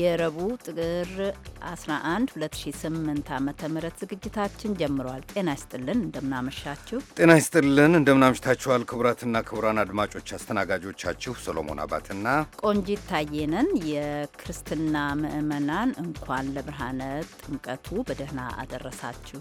የረቡዕ ጥር 11 2008 ዓ ም ዝግጅታችን ጀምረዋል። ጤና ይስጥልን እንደምናመሻችሁ። ጤና ይስጥልን እንደምናምሽታችኋል። ክቡራትና ክቡራን አድማጮች አስተናጋጆቻችሁ ሰሎሞን አባትና ቆንጂት ታየነን። የክርስትና ምዕመናን እንኳን ለብርሃነ ጥምቀቱ በደህና አደረሳችሁ።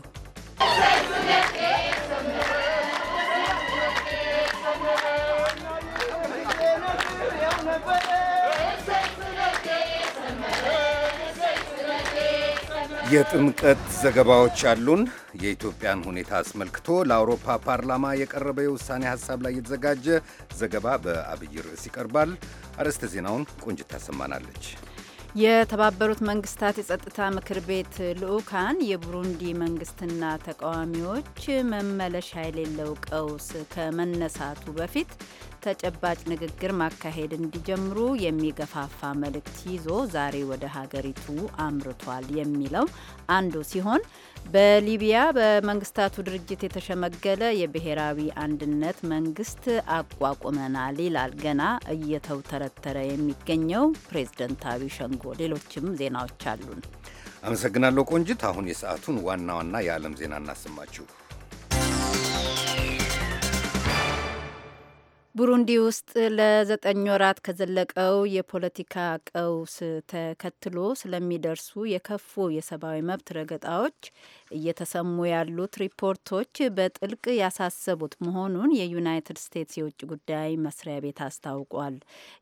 የጥምቀት ዘገባዎች አሉን። የኢትዮጵያን ሁኔታ አስመልክቶ ለአውሮፓ ፓርላማ የቀረበ የውሳኔ ሐሳብ ላይ የተዘጋጀ ዘገባ በአብይ ርዕስ ይቀርባል። አርዕስተ ዜናውን ቆንጅት ታሰማናለች። የተባበሩት መንግስታት የጸጥታ ምክር ቤት ልዑካን የቡሩንዲ መንግስትና ተቃዋሚዎች መመለሻ የሌለው ቀውስ ከመነሳቱ በፊት ተጨባጭ ንግግር ማካሄድ እንዲጀምሩ የሚገፋፋ መልእክት ይዞ ዛሬ ወደ ሀገሪቱ አምርቷል የሚለው አንዱ ሲሆን በሊቢያ በመንግስታቱ ድርጅት የተሸመገለ የብሔራዊ አንድነት መንግስት አቋቁመናል ይላል ገና እየተውተረተረ የሚገኘው ፕሬዝደንታዊ ሸንጎ። ሌሎችም ዜናዎች አሉን። አመሰግናለሁ ቆንጅት አሁን የሰዓቱን ዋና ዋና የዓለም ዜና እናሰማችሁ። ቡሩንዲ ውስጥ ለዘጠኝ ወራት ከዘለቀው የፖለቲካ ቀውስ ተከትሎ ስለሚደርሱ የከፉ የሰብአዊ መብት ረገጣዎች እየተሰሙ ያሉት ሪፖርቶች በጥልቅ ያሳሰቡት መሆኑን የዩናይትድ ስቴትስ የውጭ ጉዳይ መስሪያ ቤት አስታውቋል።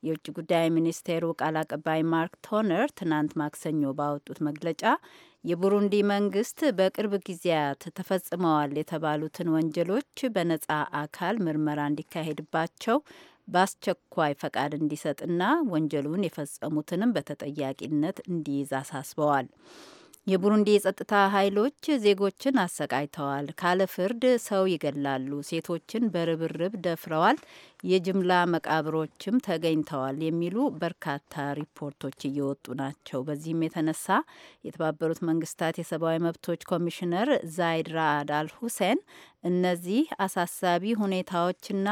የውጭ ጉዳይ ሚኒስቴሩ ቃል አቀባይ ማርክ ቶነር ትናንት ማክሰኞ ባወጡት መግለጫ የቡሩንዲ መንግስት በቅርብ ጊዜያት ተፈጽመዋል የተባሉትን ወንጀሎች በነጻ አካል ምርመራ እንዲካሄድባቸው በአስቸኳይ ፈቃድ እንዲሰጥና ወንጀሉን የፈጸሙትንም በተጠያቂነት እንዲይዝ አሳስበዋል። የቡሩንዲ የጸጥታ ኃይሎች ዜጎችን አሰቃይተዋል፣ ካለ ፍርድ ሰው ይገላሉ፣ ሴቶችን በርብርብ ደፍረዋል፣ የጅምላ መቃብሮችም ተገኝተዋል የሚሉ በርካታ ሪፖርቶች እየወጡ ናቸው። በዚህም የተነሳ የተባበሩት መንግስታት የሰብአዊ መብቶች ኮሚሽነር ዛይድ ራአድ አል ሁሴን እነዚህ አሳሳቢ ሁኔታዎችና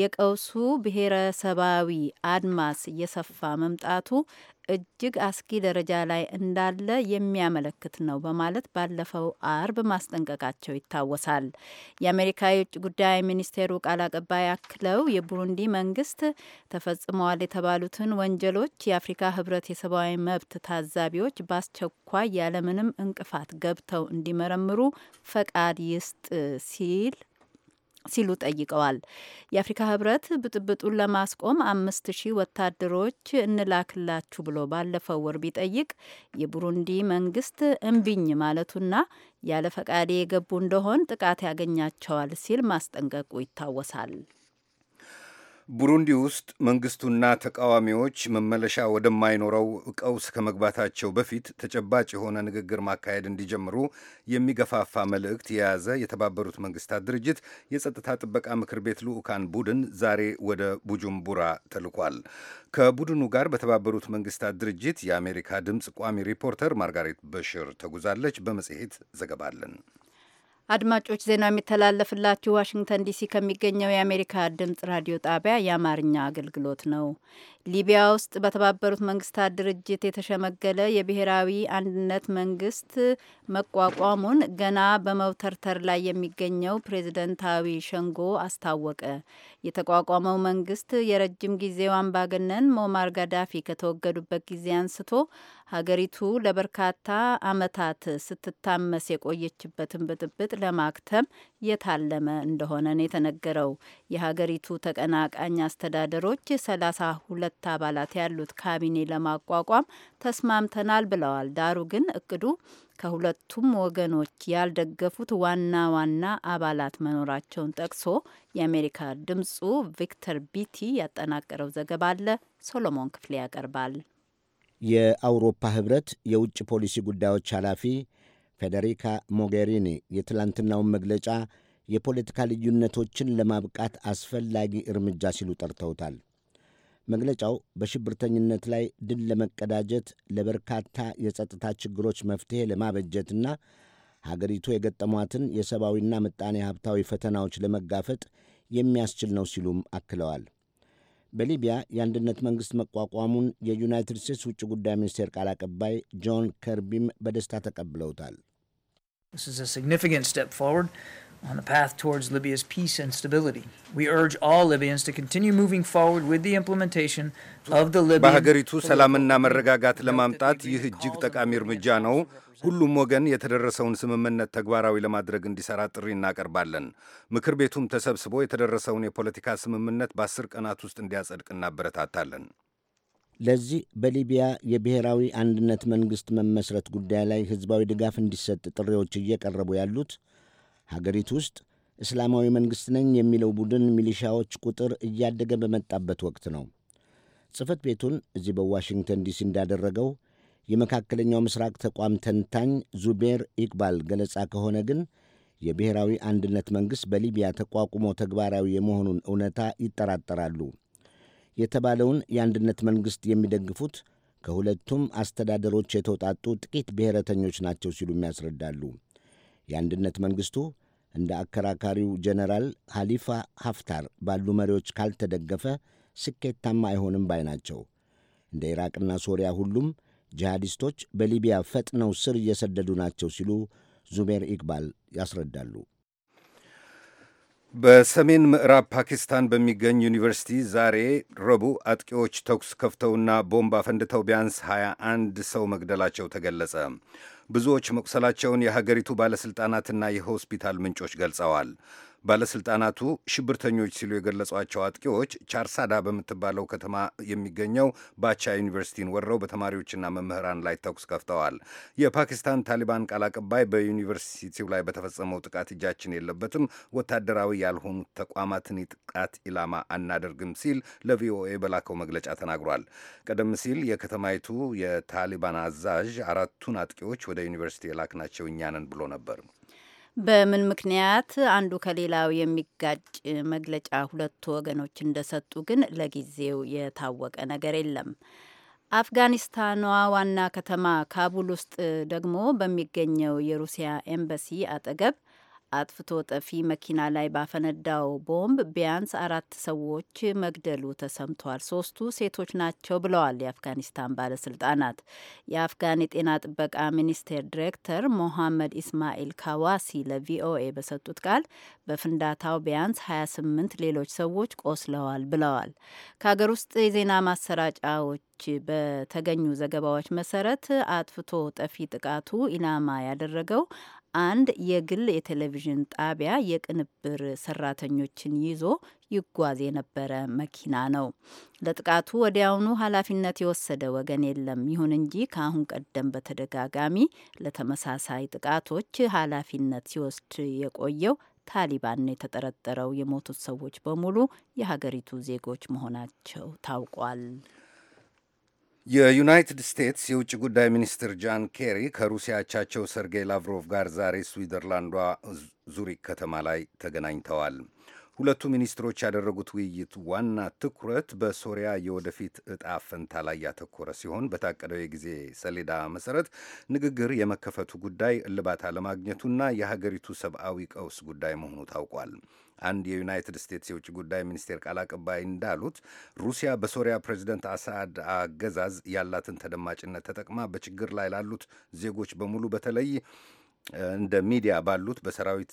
የቀውሱ ብሔረሰባዊ አድማስ እየሰፋ መምጣቱ እጅግ አስጊ ደረጃ ላይ እንዳለ የሚያመለክት ነው በማለት ባለፈው አርብ ማስጠንቀቃቸው ይታወሳል። የአሜሪካ የውጭ ጉዳይ ሚኒስቴሩ ቃል አቀባይ አክለው የቡሩንዲ መንግስት ተፈጽመዋል የተባሉትን ወንጀሎች የአፍሪካ ህብረት የሰብአዊ መብት ታዛቢዎች በአስቸኳይ ያለምንም እንቅፋት ገብተው እንዲመረምሩ ፈቃድ ይስጥ ሲል ሲሉ ጠይቀዋል። የአፍሪካ ህብረት ብጥብጡን ለማስቆም አምስት ሺህ ወታደሮች እንላክላችሁ ብሎ ባለፈው ወር ቢጠይቅ የቡሩንዲ መንግስት እምቢኝ ማለቱና ያለ ፈቃዴ የገቡ እንደሆን ጥቃት ያገኛቸዋል ሲል ማስጠንቀቁ ይታወሳል። ቡሩንዲ ውስጥ መንግስቱና ተቃዋሚዎች መመለሻ ወደማይኖረው ቀውስ ከመግባታቸው በፊት ተጨባጭ የሆነ ንግግር ማካሄድ እንዲጀምሩ የሚገፋፋ መልእክት የያዘ የተባበሩት መንግስታት ድርጅት የጸጥታ ጥበቃ ምክር ቤት ልዑካን ቡድን ዛሬ ወደ ቡጁምቡራ ተልኳል። ከቡድኑ ጋር በተባበሩት መንግስታት ድርጅት የአሜሪካ ድምፅ ቋሚ ሪፖርተር ማርጋሬት በሽር ተጉዛለች። በመጽሔት ዘገባለን። አድማጮች ዜናው የሚተላለፍላችሁ ዋሽንግተን ዲሲ ከሚገኘው የአሜሪካ ድምጽ ራዲዮ ጣቢያ የአማርኛ አገልግሎት ነው። ሊቢያ ውስጥ በተባበሩት መንግስታት ድርጅት የተሸመገለ የብሔራዊ አንድነት መንግስት መቋቋሙን ገና በመውተርተር ላይ የሚገኘው ፕሬዝደንታዊ ሸንጎ አስታወቀ። የተቋቋመው መንግስት የረጅም ጊዜው አምባገነን ሞማር ጋዳፊ ከተወገዱበት ጊዜ አንስቶ ሀገሪቱ ለበርካታ አመታት ስትታመስ የቆየችበትን ብጥብጥ ለማክተም የታለመ እንደሆነ ነው የተነገረው። የሀገሪቱ ተቀናቃኝ አስተዳደሮች ሰላሳ ሁለት ሁለት አባላት ያሉት ካቢኔ ለማቋቋም ተስማምተናል ብለዋል። ዳሩ ግን እቅዱ ከሁለቱም ወገኖች ያልደገፉት ዋና ዋና አባላት መኖራቸውን ጠቅሶ የአሜሪካ ድምጹ ቪክተር ቢቲ ያጠናቀረው ዘገባ አለ። ሶሎሞን ክፍሌ ያቀርባል። የአውሮፓ ህብረት የውጭ ፖሊሲ ጉዳዮች ኃላፊ ፌዴሪካ ሞጌሪኒ የትላንትናውን መግለጫ የፖለቲካ ልዩነቶችን ለማብቃት አስፈላጊ እርምጃ ሲሉ ጠርተውታል። መግለጫው በሽብርተኝነት ላይ ድል ለመቀዳጀት ለበርካታ የጸጥታ ችግሮች መፍትሔ ለማበጀትና ሀገሪቱ የገጠሟትን የሰብአዊና ምጣኔ ሀብታዊ ፈተናዎች ለመጋፈጥ የሚያስችል ነው ሲሉም አክለዋል። በሊቢያ የአንድነት መንግሥት መቋቋሙን የዩናይትድ ስቴትስ ውጭ ጉዳይ ሚኒስቴር ቃል አቀባይ ጆን ከርቢም በደስታ ተቀብለውታል። on the path towards Libya's peace and stability. We urge all Libyans to continue moving forward with the implementation of the Libyan በሀገሪቱ ሰላምና መረጋጋት ለማምጣት ይህ እጅግ ጠቃሚ እርምጃ ነው። ሁሉም ወገን የተደረሰውን ስምምነት ተግባራዊ ለማድረግ እንዲሰራ ጥሪ እናቀርባለን። ምክር ቤቱም ተሰብስቦ የተደረሰውን የፖለቲካ ስምምነት በአስር ቀናት ውስጥ እንዲያጸድቅ እናበረታታለን። ለዚህ በሊቢያ የብሔራዊ አንድነት መንግሥት መመስረት ጉዳይ ላይ ሕዝባዊ ድጋፍ እንዲሰጥ ጥሪዎች እየቀረቡ ያሉት ሀገሪቱ ውስጥ እስላማዊ መንግሥት ነኝ የሚለው ቡድን ሚሊሻዎች ቁጥር እያደገ በመጣበት ወቅት ነው። ጽሕፈት ቤቱን እዚህ በዋሽንግተን ዲሲ እንዳደረገው የመካከለኛው ምስራቅ ተቋም ተንታኝ ዙቤር ኢቅባል ገለጻ ከሆነ ግን የብሔራዊ አንድነት መንግሥት በሊቢያ ተቋቁሞ ተግባራዊ የመሆኑን እውነታ ይጠራጠራሉ። የተባለውን የአንድነት መንግሥት የሚደግፉት ከሁለቱም አስተዳደሮች የተውጣጡ ጥቂት ብሔረተኞች ናቸው ሲሉም ያስረዳሉ። የአንድነት መንግሥቱ እንደ አከራካሪው ጀነራል ሐሊፋ ሐፍታር ባሉ መሪዎች ካልተደገፈ ስኬታማ አይሆንም ባይ ናቸው። እንደ ኢራቅና ሶሪያ ሁሉም ጂሃዲስቶች በሊቢያ ፈጥነው ስር እየሰደዱ ናቸው ሲሉ ዙሜር ኢቅባል ያስረዳሉ። በሰሜን ምዕራብ ፓኪስታን በሚገኝ ዩኒቨርሲቲ ዛሬ ረቡዕ አጥቂዎች ተኩስ ከፍተውና ቦምብ አፈንድተው ቢያንስ 21 ሰው መግደላቸው ተገለጸ። ብዙዎች መቁሰላቸውን የሀገሪቱ ባለሥልጣናትና የሆስፒታል ምንጮች ገልጸዋል። ባለሥልጣናቱ ሽብርተኞች ሲሉ የገለጿቸው አጥቂዎች ቻርሳዳ በምትባለው ከተማ የሚገኘው ባቻ ዩኒቨርሲቲን ወረው በተማሪዎችና መምህራን ላይ ተኩስ ከፍተዋል። የፓኪስታን ታሊባን ቃል አቀባይ በዩኒቨርሲቲው ላይ በተፈጸመው ጥቃት እጃችን የለበትም፣ ወታደራዊ ያልሆኑ ተቋማትን ጥቃት ኢላማ አናደርግም ሲል ለቪኦኤ በላከው መግለጫ ተናግሯል። ቀደም ሲል የከተማይቱ የታሊባን አዛዥ አራቱን አጥቂዎች ወደ ዩኒቨርሲቲ የላክናቸው ናቸው ነን ብሎ ነበር። በምን ምክንያት አንዱ ከሌላው የሚጋጭ መግለጫ ሁለቱ ወገኖች እንደሰጡ ግን ለጊዜው የታወቀ ነገር የለም። አፍጋኒስታኗ ዋና ከተማ ካቡል ውስጥ ደግሞ በሚገኘው የሩሲያ ኤምባሲ አጠገብ አጥፍቶ ጠፊ መኪና ላይ ባፈነዳው ቦምብ ቢያንስ አራት ሰዎች መግደሉ ተሰምቷል። ሶስቱ ሴቶች ናቸው ብለዋል የአፍጋኒስታን ባለስልጣናት። የአፍጋን የጤና ጥበቃ ሚኒስቴር ዲሬክተር ሞሐመድ ኢስማኤል ካዋሲ ለቪኦኤ በሰጡት ቃል በፍንዳታው ቢያንስ 28 ሌሎች ሰዎች ቆስለዋል ብለዋል። ከሀገር ውስጥ የዜና ማሰራጫዎች በተገኙ ዘገባዎች መሰረት አጥፍቶ ጠፊ ጥቃቱ ኢላማ ያደረገው አንድ የግል የቴሌቪዥን ጣቢያ የቅንብር ሰራተኞችን ይዞ ይጓዝ የነበረ መኪና ነው። ለጥቃቱ ወዲያውኑ ኃላፊነት የወሰደ ወገን የለም። ይሁን እንጂ ከአሁን ቀደም በተደጋጋሚ ለተመሳሳይ ጥቃቶች ኃላፊነት ሲወስድ የቆየው ታሊባን ነው የተጠረጠረው። የሞቱት ሰዎች በሙሉ የሀገሪቱ ዜጎች መሆናቸው ታውቋል። የዩናይትድ ስቴትስ የውጭ ጉዳይ ሚኒስትር ጃን ኬሪ ከሩሲያ አቻቸው ሰርጌይ ላቭሮቭ ጋር ዛሬ ስዊዘርላንዷ ዙሪክ ከተማ ላይ ተገናኝተዋል። ሁለቱ ሚኒስትሮች ያደረጉት ውይይት ዋና ትኩረት በሶሪያ የወደፊት ዕጣ ፈንታ ላይ ያተኮረ ሲሆን በታቀደው የጊዜ ሰሌዳ መሰረት ንግግር የመከፈቱ ጉዳይ እልባት አለማግኘቱና የሀገሪቱ ሰብአዊ ቀውስ ጉዳይ መሆኑ ታውቋል። አንድ የዩናይትድ ስቴትስ የውጭ ጉዳይ ሚኒስቴር ቃል አቀባይ እንዳሉት ሩሲያ በሶሪያ ፕሬዚደንት አሳድ አገዛዝ ያላትን ተደማጭነት ተጠቅማ በችግር ላይ ላሉት ዜጎች በሙሉ በተለይ እንደ ሚዲያ ባሉት በሰራዊት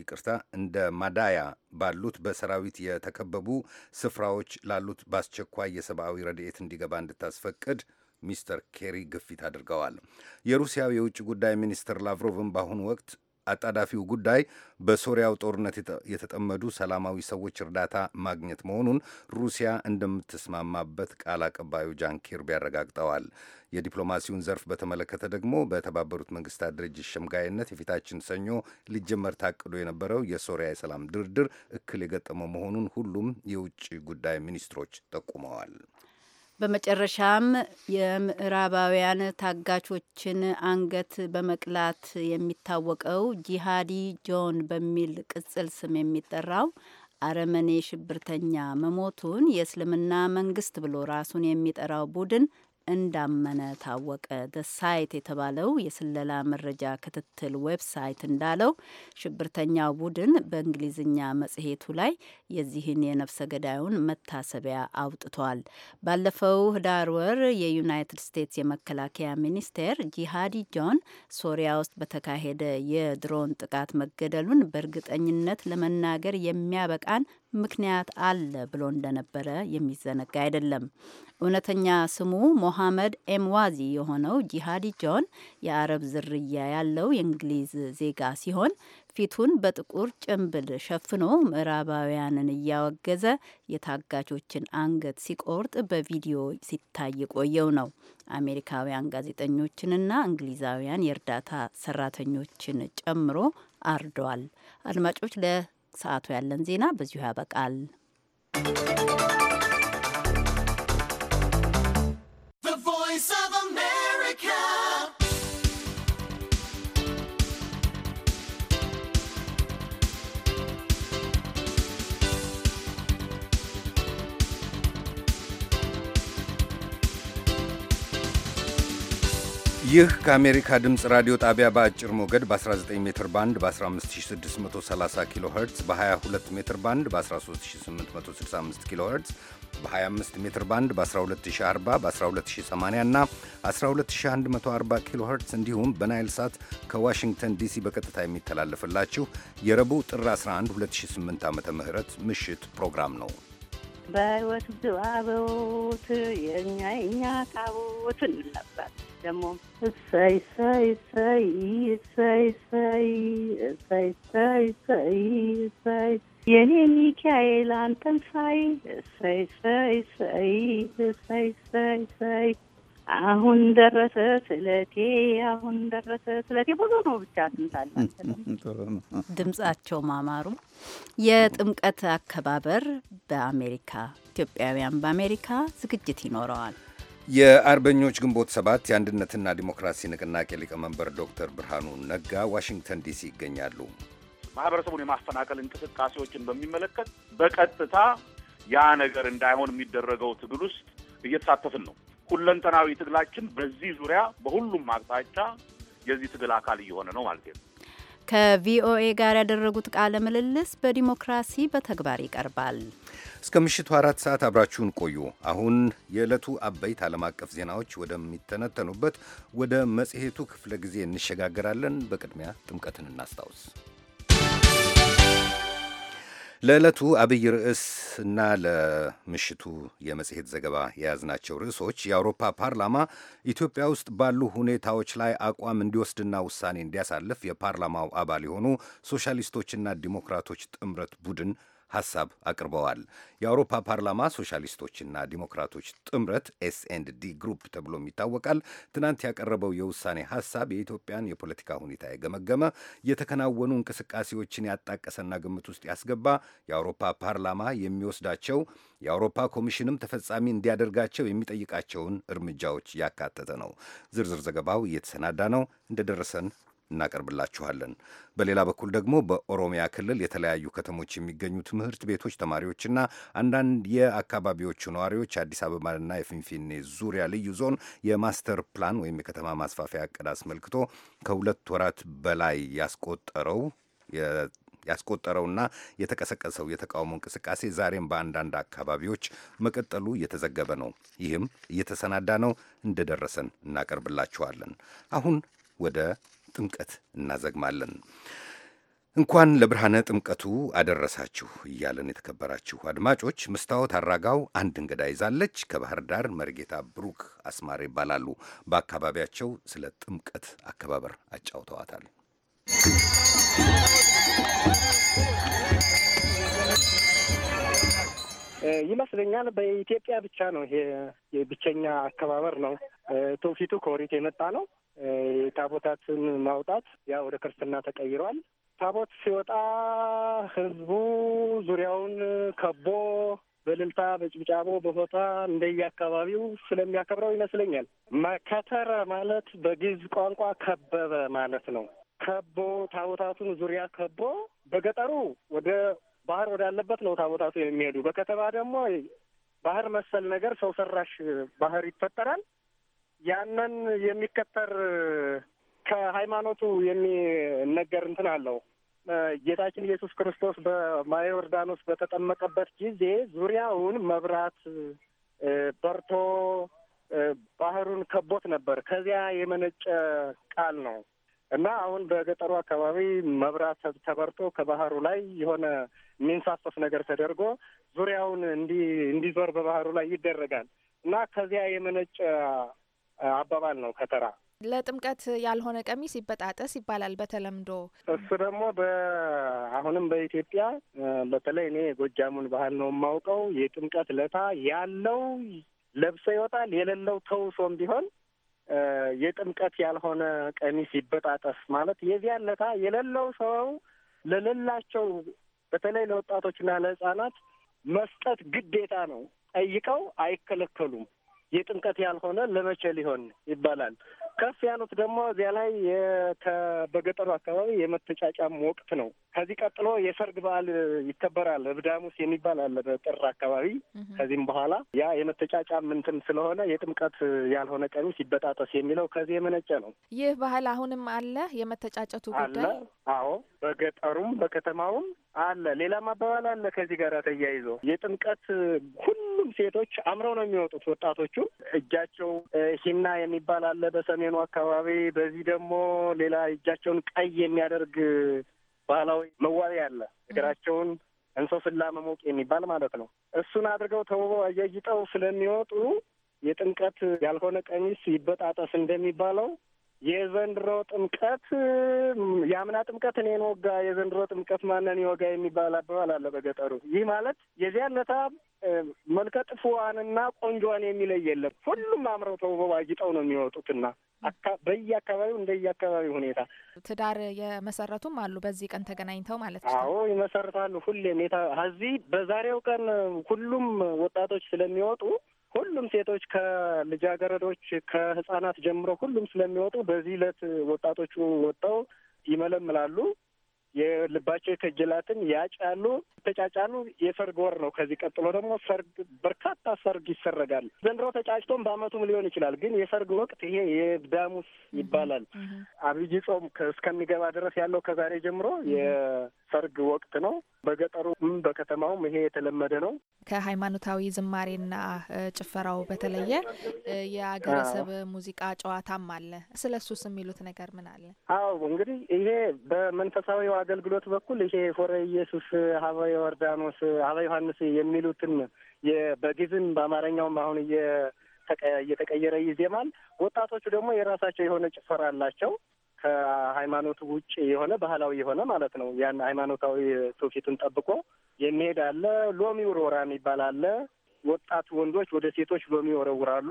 ይቅርታ እንደ ማዳያ ባሉት በሰራዊት የተከበቡ ስፍራዎች ላሉት በአስቸኳይ የሰብአዊ ረድኤት እንዲገባ እንድታስፈቅድ ሚስተር ኬሪ ግፊት አድርገዋል። የሩሲያው የውጭ ጉዳይ ሚኒስትር ላቭሮቭም በአሁኑ ወቅት አጣዳፊው ጉዳይ በሶሪያው ጦርነት የተጠመዱ ሰላማዊ ሰዎች እርዳታ ማግኘት መሆኑን ሩሲያ እንደምትስማማበት ቃል አቀባዩ ጃን ኪርቢ አረጋግጠዋል። የዲፕሎማሲውን ዘርፍ በተመለከተ ደግሞ በተባበሩት መንግስታት ድርጅት ሸምጋይነት የፊታችን ሰኞ ሊጀመር ታቅዶ የነበረው የሶሪያ የሰላም ድርድር እክል የገጠመው መሆኑን ሁሉም የውጭ ጉዳይ ሚኒስትሮች ጠቁመዋል። በመጨረሻም የምዕራባውያን ታጋቾችን አንገት በመቅላት የሚታወቀው ጂሃዲ ጆን በሚል ቅጽል ስም የሚጠራው አረመኔ ሽብርተኛ መሞቱን የእስልምና መንግስት ብሎ ራሱን የሚጠራው ቡድን እንዳመነ ታወቀ። ደ ሳይት የተባለው የስለላ መረጃ ክትትል ዌብሳይት እንዳለው ሽብርተኛው ቡድን በእንግሊዝኛ መጽሔቱ ላይ የዚህን የነፍሰ ገዳዩን መታሰቢያ አውጥቷል። ባለፈው ህዳር ወር የዩናይትድ ስቴትስ የመከላከያ ሚኒስቴር ጂሃዲ ጆን ሶሪያ ውስጥ በተካሄደ የድሮን ጥቃት መገደሉን በእርግጠኝነት ለመናገር የሚያበቃን ምክንያት አለ ብሎ እንደነበረ የሚዘነጋ አይደለም። እውነተኛ ስሙ ሞሐመድ ኤምዋዚ የሆነው ጂሃዲ ጆን የአረብ ዝርያ ያለው የእንግሊዝ ዜጋ ሲሆን ፊቱን በጥቁር ጭንብል ሸፍኖ ምዕራባውያንን እያወገዘ የታጋቾችን አንገት ሲቆርጥ በቪዲዮ ሲታይ የቆየው ነው። አሜሪካውያን ጋዜጠኞችንና እንግሊዛውያን የእርዳታ ሰራተኞችን ጨምሮ አርዷል። አድማጮች ለ ሰዓቱ ያለን ዜና በዚሁ ያበቃል። ይህ ከአሜሪካ ድምፅ ራዲዮ ጣቢያ በአጭር ሞገድ በ19 ሜትር ባንድ በ15630 ኪሎ ኸርትዝ በ22 ሜትር ባንድ በ13865 ኪሎ ኸርትዝ በ25 ሜትር ባንድ በ12040 በ12080 እና 12140 ኪሎ ኸርትዝ እንዲሁም በናይል ሳት ከዋሽንግተን ዲሲ በቀጥታ የሚተላለፍላችሁ የረቡዕ ጥር 11 2008 ምህረት ምሽት ፕሮግራም ነው። በሕይወት ዝባቦት የእኛ የእኛ ታቦት ነበር ደግሞ እሰይ እሰይ የኔ ሚካኤል አንተን ሳይ እሰይ እሰይ አሁን ደረሰ ስለቴ አሁን ደረሰ ስለቴ ብዙ ነው ብቻ ትንታለ ድምጻቸው ማማሩ። የጥምቀት አከባበር በአሜሪካ ኢትዮጵያውያን በአሜሪካ ዝግጅት ይኖረዋል። የአርበኞች ግንቦት ሰባት የአንድነትና ዲሞክራሲ ንቅናቄ ሊቀመንበር ዶክተር ብርሃኑ ነጋ ዋሽንግተን ዲሲ ይገኛሉ። ማህበረሰቡን የማፈናቀል እንቅስቃሴዎችን በሚመለከት በቀጥታ ያ ነገር እንዳይሆን የሚደረገው ትግል ውስጥ እየተሳተፍን ነው። ሁለንተናዊ ትግላችን በዚህ ዙሪያ በሁሉም አቅጣጫ የዚህ ትግል አካል እየሆነ ነው ማለት ነው። ከቪኦኤ ጋር ያደረጉት ቃለ ምልልስ በዲሞክራሲ በተግባር ይቀርባል። እስከ ምሽቱ አራት ሰዓት አብራችሁን ቆዩ። አሁን የዕለቱ አበይት ዓለም አቀፍ ዜናዎች ወደሚተነተኑበት ወደ መጽሔቱ ክፍለ ጊዜ እንሸጋገራለን። በቅድሚያ ጥምቀትን እናስታውስ። ለዕለቱ አብይ ርዕስ እና ለምሽቱ የመጽሔት ዘገባ የያዝናቸው ርዕሶች የአውሮፓ ፓርላማ ኢትዮጵያ ውስጥ ባሉ ሁኔታዎች ላይ አቋም እንዲወስድና ውሳኔ እንዲያሳልፍ የፓርላማው አባል የሆኑ ሶሻሊስቶችና ዲሞክራቶች ጥምረት ቡድን ሐሳብ አቅርበዋል። የአውሮፓ ፓርላማ ሶሻሊስቶችና ዲሞክራቶች ጥምረት ኤስኤንዲ ግሩፕ ተብሎም ይታወቃል። ትናንት ያቀረበው የውሳኔ ሐሳብ የኢትዮጵያን የፖለቲካ ሁኔታ የገመገመ የተከናወኑ እንቅስቃሴዎችን ያጣቀሰና ግምት ውስጥ ያስገባ የአውሮፓ ፓርላማ የሚወስዳቸው የአውሮፓ ኮሚሽንም ተፈጻሚ እንዲያደርጋቸው የሚጠይቃቸውን እርምጃዎች ያካተተ ነው። ዝርዝር ዘገባው እየተሰናዳ ነው፣ እንደደረሰን እናቀርብላችኋለን። በሌላ በኩል ደግሞ በኦሮሚያ ክልል የተለያዩ ከተሞች የሚገኙ ትምህርት ቤቶች ተማሪዎችና አንዳንድ የአካባቢዎቹ ነዋሪዎች አዲስ አበባና የፊንፊኔ ዙሪያ ልዩ ዞን የማስተር ፕላን ወይም የከተማ ማስፋፊያ እቅድ አስመልክቶ ከሁለት ወራት በላይ ያስቆጠረው ያስቆጠረውና የተቀሰቀሰው የተቃውሞ እንቅስቃሴ ዛሬም በአንዳንድ አካባቢዎች መቀጠሉ እየተዘገበ ነው። ይህም እየተሰናዳ ነው። እንደደረሰን እናቀርብላችኋለን። አሁን ወደ ጥምቀት እናዘግማለን። እንኳን ለብርሃነ ጥምቀቱ አደረሳችሁ እያለን የተከበራችሁ አድማጮች፣ መስታወት አራጋው አንድ እንግዳ ይዛለች። ከባህር ዳር መርጌታ ብሩክ አስማር ይባላሉ። በአካባቢያቸው ስለ ጥምቀት አከባበር አጫውተዋታል። ይመስለኛል በኢትዮጵያ ብቻ ነው ይሄ የብቸኛ አከባበር ነው። ትውፊቱ ከኦሪት የመጣ ነው። ታቦታትን ማውጣት ያ ወደ ክርስትና ተቀይሯል። ታቦት ሲወጣ ህዝቡ ዙሪያውን ከቦ በልልታ በጭብጫቦ በሆታ እንደየአካባቢው ስለሚያከብረው ይመስለኛል። መከተረ ማለት በግዕዝ ቋንቋ ከበበ ማለት ነው። ከቦ ታቦታቱን ዙሪያ ከቦ በገጠሩ ወደ ባህር ወዳለበት ነው ታቦታቱ የሚሄዱ። በከተማ ደግሞ ባህር መሰል ነገር ሰው ሰራሽ ባህር ይፈጠራል። ያንን የሚከተር ከሃይማኖቱ የሚነገር እንትን አለው። ጌታችን ኢየሱስ ክርስቶስ በማየ ዮርዳኖስ በተጠመቀበት ጊዜ ዙሪያውን መብራት በርቶ ባህሩን ከቦት ነበር። ከዚያ የመነጨ ቃል ነው እና አሁን በገጠሩ አካባቢ መብራት ተበርቶ ከባህሩ ላይ የሆነ የሚንሳፈፍ ነገር ተደርጎ ዙሪያውን እንዲ እንዲዞር በባህሩ ላይ ይደረጋል እና ከዚያ የመነጨ አባባል ነው ከተራ ለጥምቀት ያልሆነ ቀሚስ ይበጣጠስ ይባላል በተለምዶ። እሱ ደግሞ አሁንም በኢትዮጵያ በተለይ እኔ የጎጃሙን ባህል ነው የማውቀው። የጥምቀት ለታ ያለው ለብሶ ይወጣል፣ የሌለው ተውሶም ቢሆን የጥምቀት ያልሆነ ቀሚስ ይበጣጠስ ማለት የዚያን ለታ የሌለው ሰው ለሌላቸው በተለይ ለወጣቶችና ለሕጻናት መስጠት ግዴታ ነው። ጠይቀው አይከለከሉም። የጥምቀት ያልሆነ ለመቼ ሊሆን ይባላል። ከፍ ያሉት ደግሞ እዚያ ላይ በገጠሩ አካባቢ የመተጫጫም ወቅት ነው። ከዚህ ቀጥሎ የሰርግ በዓል ይከበራል። እብዳሙስ የሚባል አለ በጥር አካባቢ። ከዚህም በኋላ ያ የመተጫጫም እንትን ስለሆነ የጥምቀት ያልሆነ ቀሚስ ይበጣጠስ የሚለው ከዚህ የመነጨ ነው። ይህ ባህል አሁንም አለ፣ የመተጫጨቱ ጉዳይ አለ። አዎ በገጠሩም በከተማውም አለ። ሌላም አባባል አለ ከዚህ ጋር ተያይዞ የጥምቀት ሁሉም ሴቶች አምረው ነው የሚወጡት ወጣቶቹ ያለችው። እጃቸው ሂና የሚባል አለ በሰሜኑ አካባቢ። በዚህ ደግሞ ሌላ እጃቸውን ቀይ የሚያደርግ ባህላዊ መዋቢያ አለ። እግራቸውን እንሶስላ መሞቅ የሚባል ማለት ነው። እሱን አድርገው ተውበው አያይጠው ስለሚወጡ የጥምቀት ያልሆነ ቀሚስ ይበጣጠስ እንደሚባለው የዘንድሮ ጥምቀት የአምና ጥምቀት እኔን ወጋ የዘንድሮ ጥምቀት ማነን ይወጋ የሚባል አባባል አለ በገጠሩ። ይህ ማለት የዚያን ዕለት መልከ ጥፉዋንና ቆንጆዋን የሚለይ የለም። ሁሉም አምረው ተውበው አጊጠው ነው የሚወጡትና በየአካባቢው እንደየአካባቢው ሁኔታ ትዳር የመሰረቱም አሉ። በዚህ ቀን ተገናኝተው ማለት ነው። አዎ ይመሰርታሉ። ሁሌም እዚህ በዛሬው ቀን ሁሉም ወጣቶች ስለሚወጡ ሁሉም ሴቶች ከልጃገረዶች ከህጻናት ጀምሮ ሁሉም ስለሚወጡ በዚህ ዕለት ወጣቶቹ ወጥተው ይመለምላሉ። የልባቸው የከጀላትን ያጫሉ፣ ተጫጫሉ። የሰርግ ወር ነው። ከዚህ ቀጥሎ ደግሞ ሰርግ፣ በርካታ ሰርግ ይሰረጋል። ዘንድሮ ተጫጭቶም በአመቱም ሊሆን ይችላል። ግን የሰርግ ወቅት ይሄ የዳሙስ ይባላል። አብይ ጾም እስከሚገባ ድረስ ያለው ከዛሬ ጀምሮ ሰርግ ወቅት ነው። በገጠሩም በከተማውም ይሄ የተለመደ ነው። ከሃይማኖታዊ ዝማሬና ጭፈራው በተለየ የአገረሰብ ሙዚቃ ጨዋታም አለ። ስለ እሱስ የሚሉት ነገር ምን አለ? አው እንግዲህ ይሄ በመንፈሳዊው አገልግሎት በኩል ይሄ ፎረ ኢየሱስ፣ ሀበ ዮርዳኖስ፣ ሀበ ዮሐንስ የሚሉትን በግዕዝም በአማርኛውም አሁን እየተቀየረ ይዜማል። ወጣቶቹ ደግሞ የራሳቸው የሆነ ጭፈራ አላቸው። ከሃይማኖት ውጭ የሆነ ባህላዊ የሆነ ማለት ነው። ያን ሃይማኖታዊ ትውፊቱን ጠብቆ የሚሄድ አለ። ሎሚ ውርወራ የሚባል አለ። ወጣት ወንዶች ወደ ሴቶች ሎሚ ይወረውራሉ።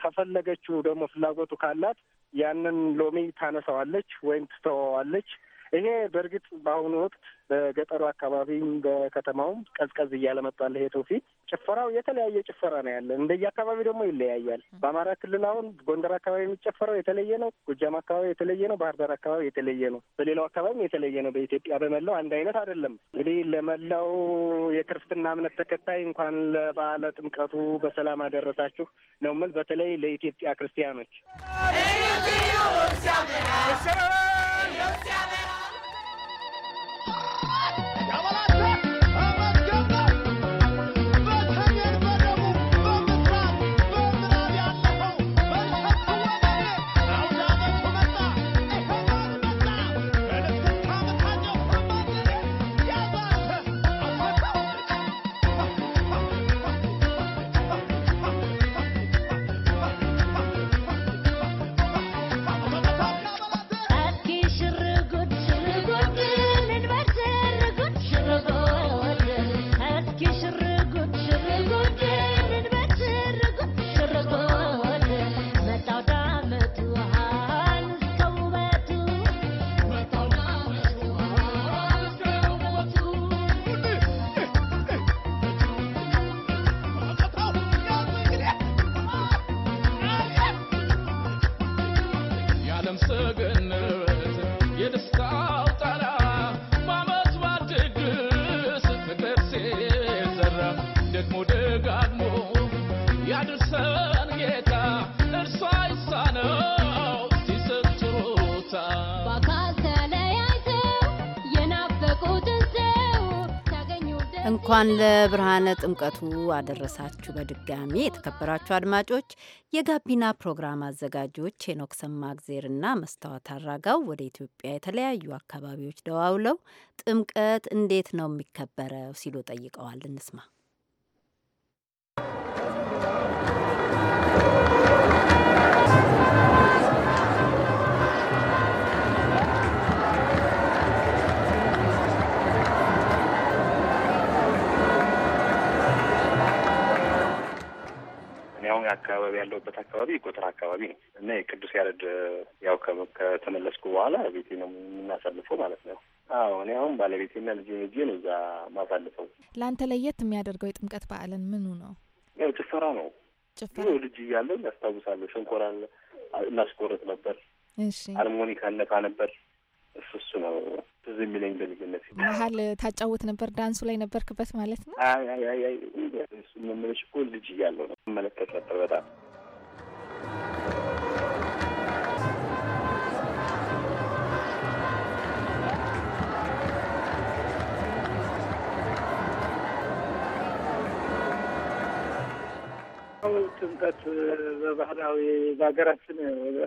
ከፈለገችው ደግሞ ፍላጎቱ ካላት ያንን ሎሚ ታነሳዋለች ወይም ትተዋዋለች። ይሄ በእርግጥ በአሁኑ ወቅት በገጠሩ አካባቢም በከተማውም ቀዝቀዝ እያለ መጥቷል። ይሄ ጭፈራው የተለያየ ጭፈራ ነው ያለ። እንደየ አካባቢ ደግሞ ይለያያል። በአማራ ክልል አሁን ጎንደር አካባቢ የሚጨፈረው የተለየ ነው። ጎጃም አካባቢ የተለየ ነው። ባህር ዳር አካባቢ የተለየ ነው። በሌላው አካባቢም የተለየ ነው። በኢትዮጵያ በመላው አንድ አይነት አይደለም። እንግዲህ ለመላው የክርስትና እምነት ተከታይ እንኳን ለበዓለ ጥምቀቱ በሰላም አደረሳችሁ ነው የምል በተለይ ለኢትዮጵያ ክርስቲያኖች Oh, እንኳን ለብርሃነ ጥምቀቱ አደረሳችሁ። በድጋሚ የተከበራችሁ አድማጮች፣ የጋቢና ፕሮግራም አዘጋጆች ሄኖክ ሰማእግዜርና መስታወት አራጋው ወደ ኢትዮጵያ የተለያዩ አካባቢዎች ደዋውለው ጥምቀት እንዴት ነው የሚከበረው ሲሉ ጠይቀዋል። እንስማ። አካባቢ ያለሁበት አካባቢ ቁጥር አካባቢ ነው እና የቅዱስ ያረድ ያው ከተመለስኩ በኋላ ቤቴ ነው የምናሳልፈው ማለት ነው። አዎ እኔ አሁን ባለቤቴና ልጅ ልጄ ነው እዛ ማሳልፈው። ለአንተ ለየት የሚያደርገው የጥምቀት በዓልን ምኑ ነው? ያው ጭፈራ ነው። ጭፈራ ልጅ እያለን ያስታውሳለሁ። ሸንኮራ እናስቆርጥ ነበር፣ አርሞኒካ ነፋ ነበር እሱ ነው ትዝ የሚለኝ በልጅነት። መሀል ታጫውት ነበር፣ ዳንሱ ላይ ነበርክበት ማለት ነው? አይ አይ እሱ መመለሽ እኮ ልጅ እያለሁ ነው መመለከት ነበር በጣም ጥምቀት በባህላዊ በሀገራችን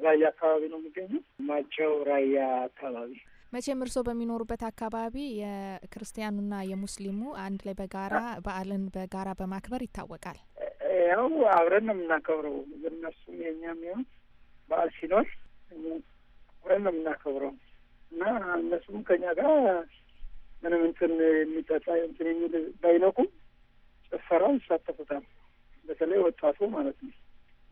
ራያ አካባቢ ነው የሚገኘው። ማቸው ራያ አካባቢ መቼም እርስዎ በሚኖሩበት አካባቢ የክርስቲያኑና የሙስሊሙ አንድ ላይ በጋራ በዓልን በጋራ በማክበር ይታወቃል። ያው አብረን ነው የምናከብረው። እነሱም የእኛም ይሁን በዓል ሲኖር አብረን ነው የምናከብረው እና እነሱም ከኛ ጋር ምንም እንትን የሚጠጣ እንትን የሚል ባይነኩም ጭፈራው ይሳተፉታል። በተለይ ወጣቱ ማለት ነው።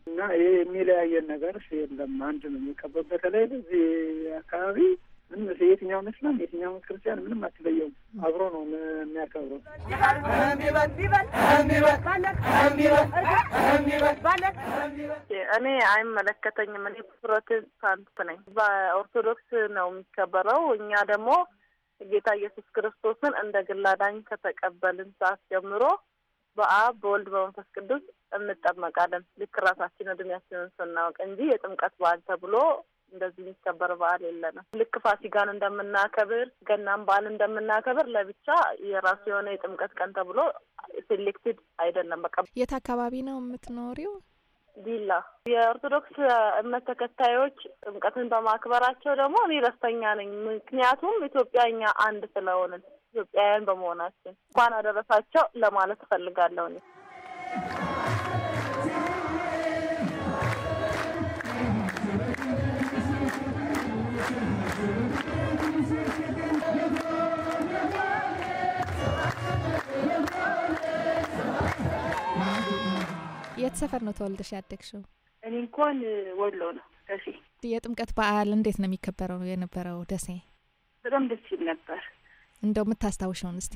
እና ይሄ የሚለያየን ነገር የለም፣ አንድ ነው የሚቀበል። በተለይ በዚህ አካባቢ ምን የትኛውን እስላም የትኛውን ክርስቲያን ምንም አትለየውም። አብሮ ነው የሚያከብረው። እኔ አይመለከተኝም። እኔ ፕሮቴስታንት ነኝ። በኦርቶዶክስ ነው የሚከበረው። እኛ ደግሞ ጌታ ኢየሱስ ክርስቶስን እንደ ግላዳኝ ከተቀበልን ሰዓት ጀምሮ በአብ በወልድ በመንፈስ ቅዱስ እንጠመቃለን። ልክ ራሳችን እድሜያችንን ስናውቅ እንጂ የጥምቀት በዓል ተብሎ እንደዚህ የሚከበር በዓል የለንም። ልክ ፋሲካን እንደምናከብር ገናም በዓል እንደምናከብር ለብቻ የራሱ የሆነ የጥምቀት ቀን ተብሎ ሴሌክትድ አይደለም። በቃ የት አካባቢ ነው የምትኖሪው? ዲላ የኦርቶዶክስ እምነት ተከታዮች ጥምቀትን በማክበራቸው ደግሞ እኔ ደስተኛ ነኝ። ምክንያቱም ኢትዮጵያ እኛ አንድ ስለሆንን ኢትዮጵያውያን በመሆናችን እንኳን አደረሳቸው ለማለት እፈልጋለሁ። የት ሰፈር ነው ተወልደሽ ያደግሽው? እኔ እንኳን ወሎ ነው ደሴ። የጥምቀት በዓል እንዴት ነው የሚከበረው የነበረው ደሴ? በጣም ደስ ይል ነበር። እንደው የምታስታውሸውን እስቲ።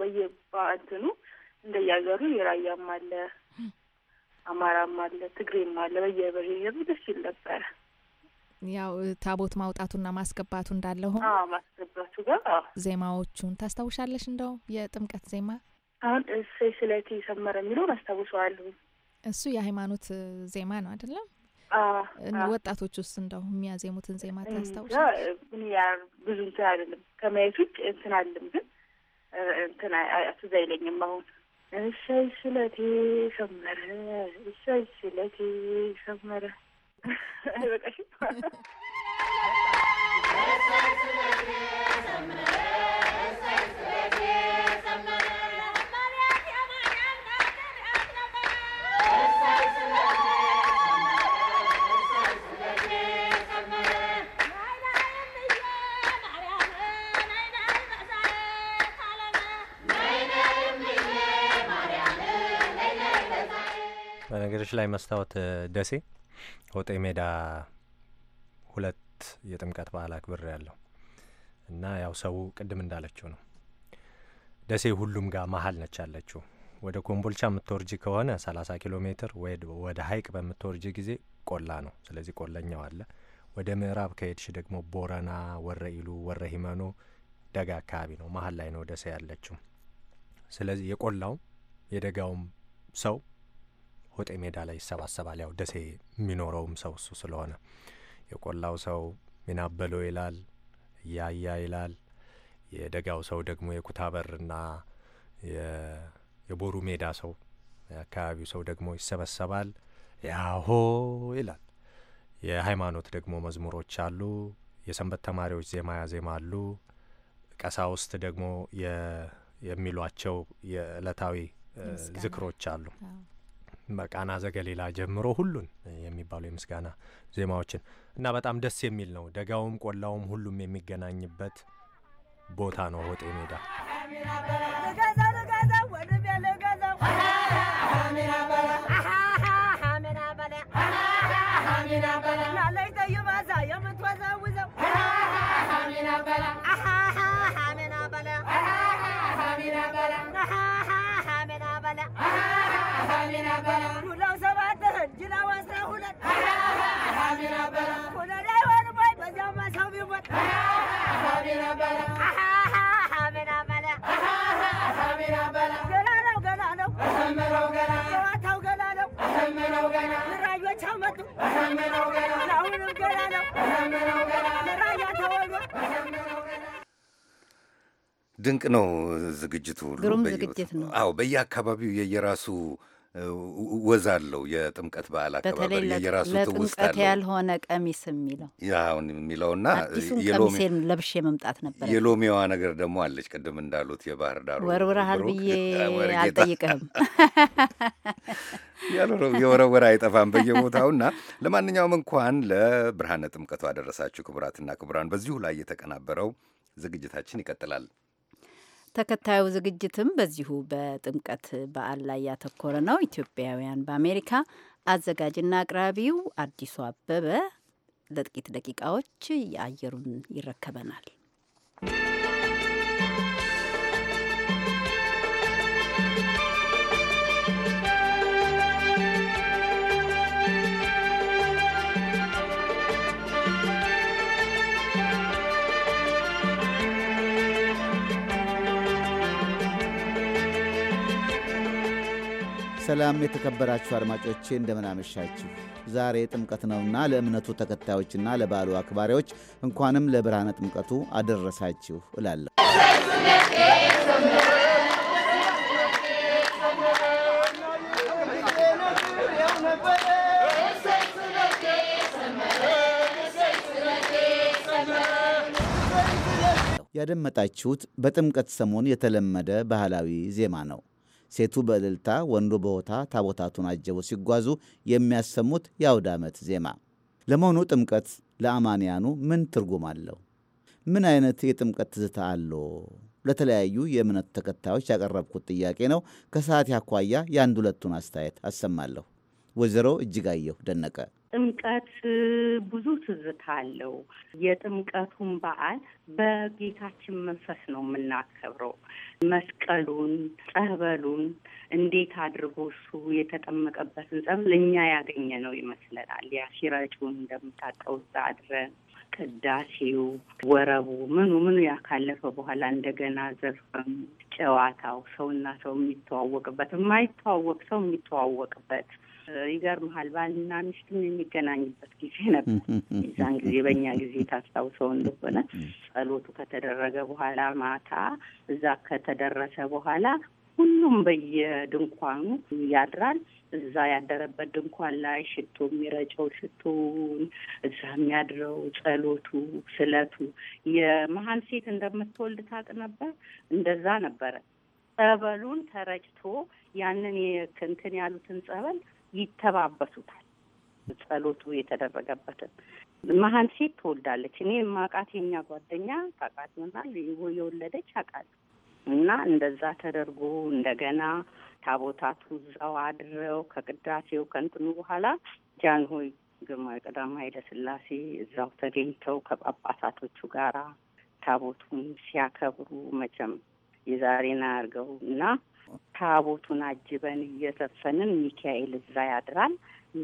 በየ በአንትኑ እንደያገሩ የራያም አለ አማራም አለ ትግሬም አለ በየበሄሩ ደስ ይል ነበረ። ያው ታቦት ማውጣቱና ማስገባቱ እንዳለ ሆኖ ማስገባቱ ጋር ዜማዎቹን ታስታውሻለሽ? እንደው የጥምቀት ዜማ አሁን እሰይ ስለቴ ሰመረ የሚለውን አስታውሰዋለሁ። እሱ የሃይማኖት ዜማ ነው አይደለም? ወጣቶች ውስጥ እንደሁ የሚያዜሙትን ዜማ ታስታውሳ? ብዙ እንትን አይደለም ከማየት ውጭ እንትን አለም ግን እንትን ትዝ አይለኝም አሁን እሰይ ስለቴ ሰመረ፣ እሰይ ስለቴ ሰመረ። አይበቃሽም? በነገርሽ ላይ መስታወት ደሴ ሆጤ ሜዳ ሁለት የጥምቀት በዓል አክብር ያለው እና ያው ሰው ቅድም እንዳለችው ነው። ደሴ ሁሉም ጋር መሀል ነች ያለችው። ወደ ኮምቦልቻ የምትወርጂ ከሆነ ሰላሳ ኪሎ ሜትር ወደ ሀይቅ በምትወርጂ ጊዜ ቆላ ነው። ስለዚህ ቆለኛው አለ። ወደ ምዕራብ ከሄድሽ ደግሞ ቦረና፣ ወረ ኢሉ፣ ወረ ሂመኖ ደጋ አካባቢ ነው። መሀል ላይ ነው ደሴ ያለችው። ስለዚህ የቆላውም የደጋውም ሰው ሆጤ ሜዳ ላይ ይሰባሰባል። ያው ደሴ የሚኖረውም ሰው እሱ ስለሆነ የቆላው ሰው ሚናበሎ ይላል፣ እያያ ይላል። የደጋው ሰው ደግሞ የኩታበርና የቦሩ ሜዳ ሰው የአካባቢው ሰው ደግሞ ይሰበሰባል። ያሆ ይላል። የሃይማኖት ደግሞ መዝሙሮች አሉ። የሰንበት ተማሪዎች ዜማ ያዜማ አሉ ቀሳውስት ደግሞ የሚሏቸው የዕለታዊ ዝክሮች አሉ። በቃና ዘገሌላ ጀምሮ ሁሉን የሚባሉ የምስጋና ዜማዎችን እና በጣም ደስ የሚል ነው። ደጋውም ቆላውም ሁሉም የሚገናኝበት ቦታ ነው ሆጤ ሜዳ። ጅላ ገና ገና ነው ነው ድንቅ ነው ዝግጅቱ። ግሩም ዝግጅት ነው። አዎ በየአካባቢው የየራሱ ወዝ አለው። የጥምቀት በዓል አከባበር የራሱ ትውስት ያልሆነ ቀሚስ የሚለው ያሁን የሚለውና ቀሚሴን ለብሼ መምጣት ነበር። የሎሚዋ ነገር ደግሞ አለች። ቅድም እንዳሉት የባህር ዳሩ ወርውረሃል ብዬ አልጠይቅህም። የወረወረ አይጠፋም በየቦታውና ለማንኛውም እንኳን ለብርሃነ ጥምቀቱ አደረሳችሁ ክቡራትና ክቡራን። በዚሁ ላይ የተቀናበረው ዝግጅታችን ይቀጥላል። ተከታዩ ዝግጅትም በዚሁ በጥምቀት በዓል ላይ ያተኮረ ነው። ኢትዮጵያውያን በአሜሪካ አዘጋጅና አቅራቢው አዲሱ አበበ ለጥቂት ደቂቃዎች የአየሩን ይረከበናል። ሰላም የተከበራችሁ አድማጮቼ እንደምናመሻችሁ። ዛሬ ጥምቀት ነውና ለእምነቱ ተከታዮችና ለበዓሉ አክባሪዎች እንኳንም ለብርሃነ ጥምቀቱ አደረሳችሁ እላለሁ። ያደመጣችሁት በጥምቀት ሰሞን የተለመደ ባህላዊ ዜማ ነው። ሴቱ በእልልታ ወንዱ በሆታ ታቦታቱን አጀቡ ሲጓዙ የሚያሰሙት የአውድ ዓመት ዜማ። ለመሆኑ ጥምቀት ለአማንያኑ ምን ትርጉም አለው? ምን አይነት የጥምቀት ትዝታ አለው? ለተለያዩ የእምነት ተከታዮች ያቀረብኩት ጥያቄ ነው። ከሰዓት ያኳያ የአንድ ሁለቱን አስተያየት አሰማለሁ። ወይዘሮ እጅጋየሁ ደነቀ ጥምቀት ብዙ ትዝታ አለው። የጥምቀቱን በዓል በጌታችን መንፈስ ነው የምናከብረው። መስቀሉን፣ ጸበሉን እንዴት አድርጎ እሱ የተጠመቀበትን ጸበል እኛ ያገኘ ነው ይመስለናል። ያ ሲረጩን እንደምታውቀው እዛ አድረን ቅዳሴው፣ ወረቡ፣ ምኑ ምኑ ያካለፈ በኋላ እንደገና ዘፈኑ፣ ጨዋታው፣ ሰውና ሰው የሚተዋወቅበት፣ የማይተዋወቅ ሰው የሚተዋወቅበት ይገርመሃል ባልና ሚስትም የሚገናኝበት ጊዜ ነበር። የዛን ጊዜ በእኛ ጊዜ ታስታውሰው እንደሆነ ጸሎቱ ከተደረገ በኋላ ማታ እዛ ከተደረሰ በኋላ ሁሉም በየድንኳኑ ያድራል። እዛ ያደረበት ድንኳን ላይ ሽቶ የሚረጨው ሽቶውን፣ እዛ የሚያድረው ጸሎቱ፣ ስለቱ የመሀል ሴት እንደምትወልድ ታውቅ ነበር። እንደዛ ነበረ። ጸበሉን ተረጭቶ ያንን የክንትን ያሉትን ጸበል ይተባበሱታል። ጸሎቱ የተደረገበትን መሀን ሴት ትወልዳለች። እኔ ማቃት የኛ ጓደኛ ታቃት ይሆናል የወለደች አቃል እና እንደዛ ተደርጎ እንደገና ታቦታቱ እዛው አድረው ከቅዳሴው ከእንትኑ በኋላ ጃንሆይ ግርማዊ ቀዳማዊ ኃይለ ሥላሴ እዛው ተገኝተው ከጳጳሳቶቹ ጋራ ታቦቱን ሲያከብሩ መቼም የዛሬን አያርገው እና ታቦቱን አጅበን እየዘፈንን ሚካኤል እዛ ያድራል።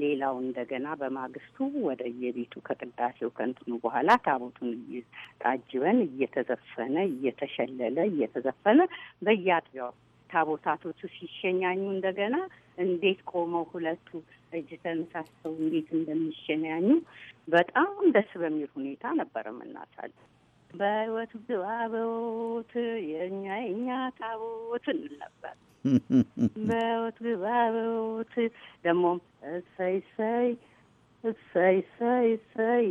ሌላው እንደገና በማግስቱ ወደ የቤቱ ከቅዳሴው ከንትኑ በኋላ ታቦቱን ታጅበን እየተዘፈነ እየተሸለለ እየተዘፈነ በየአጥቢያው ታቦታቶቹ ሲሸኛኙ እንደገና እንዴት ቆመው ሁለቱ እጅ ተነሳስተው እንዴት እንደሚሸኛኙ በጣም ደስ በሚል ሁኔታ ነበረ የምናሳል በህይወት ግባ በሞት የእኛ የኛ ታቦት እንል ነበር። በህይወት ግባ በሞት ደግሞም እሰይ እሰይ እሰይ እሰይ እሰይ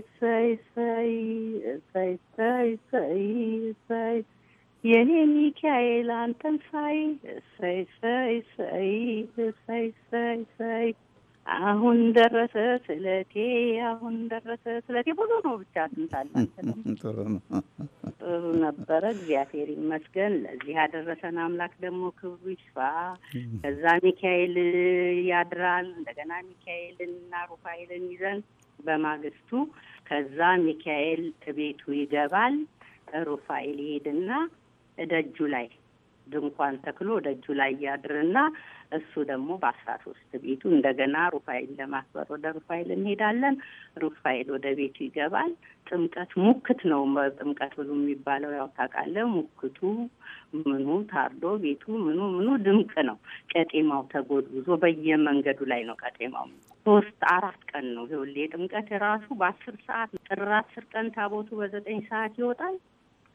እሰይ እሰይ እሰይ እሰይ እሰይ እሰይ የኔ ሚካኤል አንተን ሳይ እሰይ እሰይ እሰይ እሰይ እሰይ አሁን ደረሰ ስለቴ አሁን ደረሰ ስለቴ ብዙ ነው። ብቻ ስንታለን ጥሩ ነው ጥሩ ነበረ። እግዚአብሔር ይመስገን ለዚህ ያደረሰን አምላክ ደግሞ ክብሩ ይስፋ። ከዛ ሚካኤል ያድራል። እንደገና ሚካኤልን እና ሩፋኤልን ይዘን በማግስቱ ከዛ ሚካኤል ቤቱ ይገባል። ሩፋኤል ይሄድና ደጁ ላይ ድንኳን ተክሎ ደጁ ላይ ያድርና እሱ ደግሞ በአስራ ሶስት ቤቱ እንደገና ሩፋኤል ለማክበር ወደ ሩፋኤል እንሄዳለን። ሩፋኤል ወደ ቤቱ ይገባል። ጥምቀት ሙክት ነው። ጥምቀት ብሎ የሚባለው ያው ታውቃለህ፣ ሙክቱ ምኑ ታርዶ ቤቱ ምኑ ምኑ ድምቅ ነው። ቀጤማው ተጎዝጉዞ በየመንገዱ ላይ ነው ቀጤማው። ሶስት አራት ቀን ነው ሁሌ ጥምቀት ራሱ በአስር ሰዓት ጥር አስር ቀን ታቦቱ በዘጠኝ ሰዓት ይወጣል።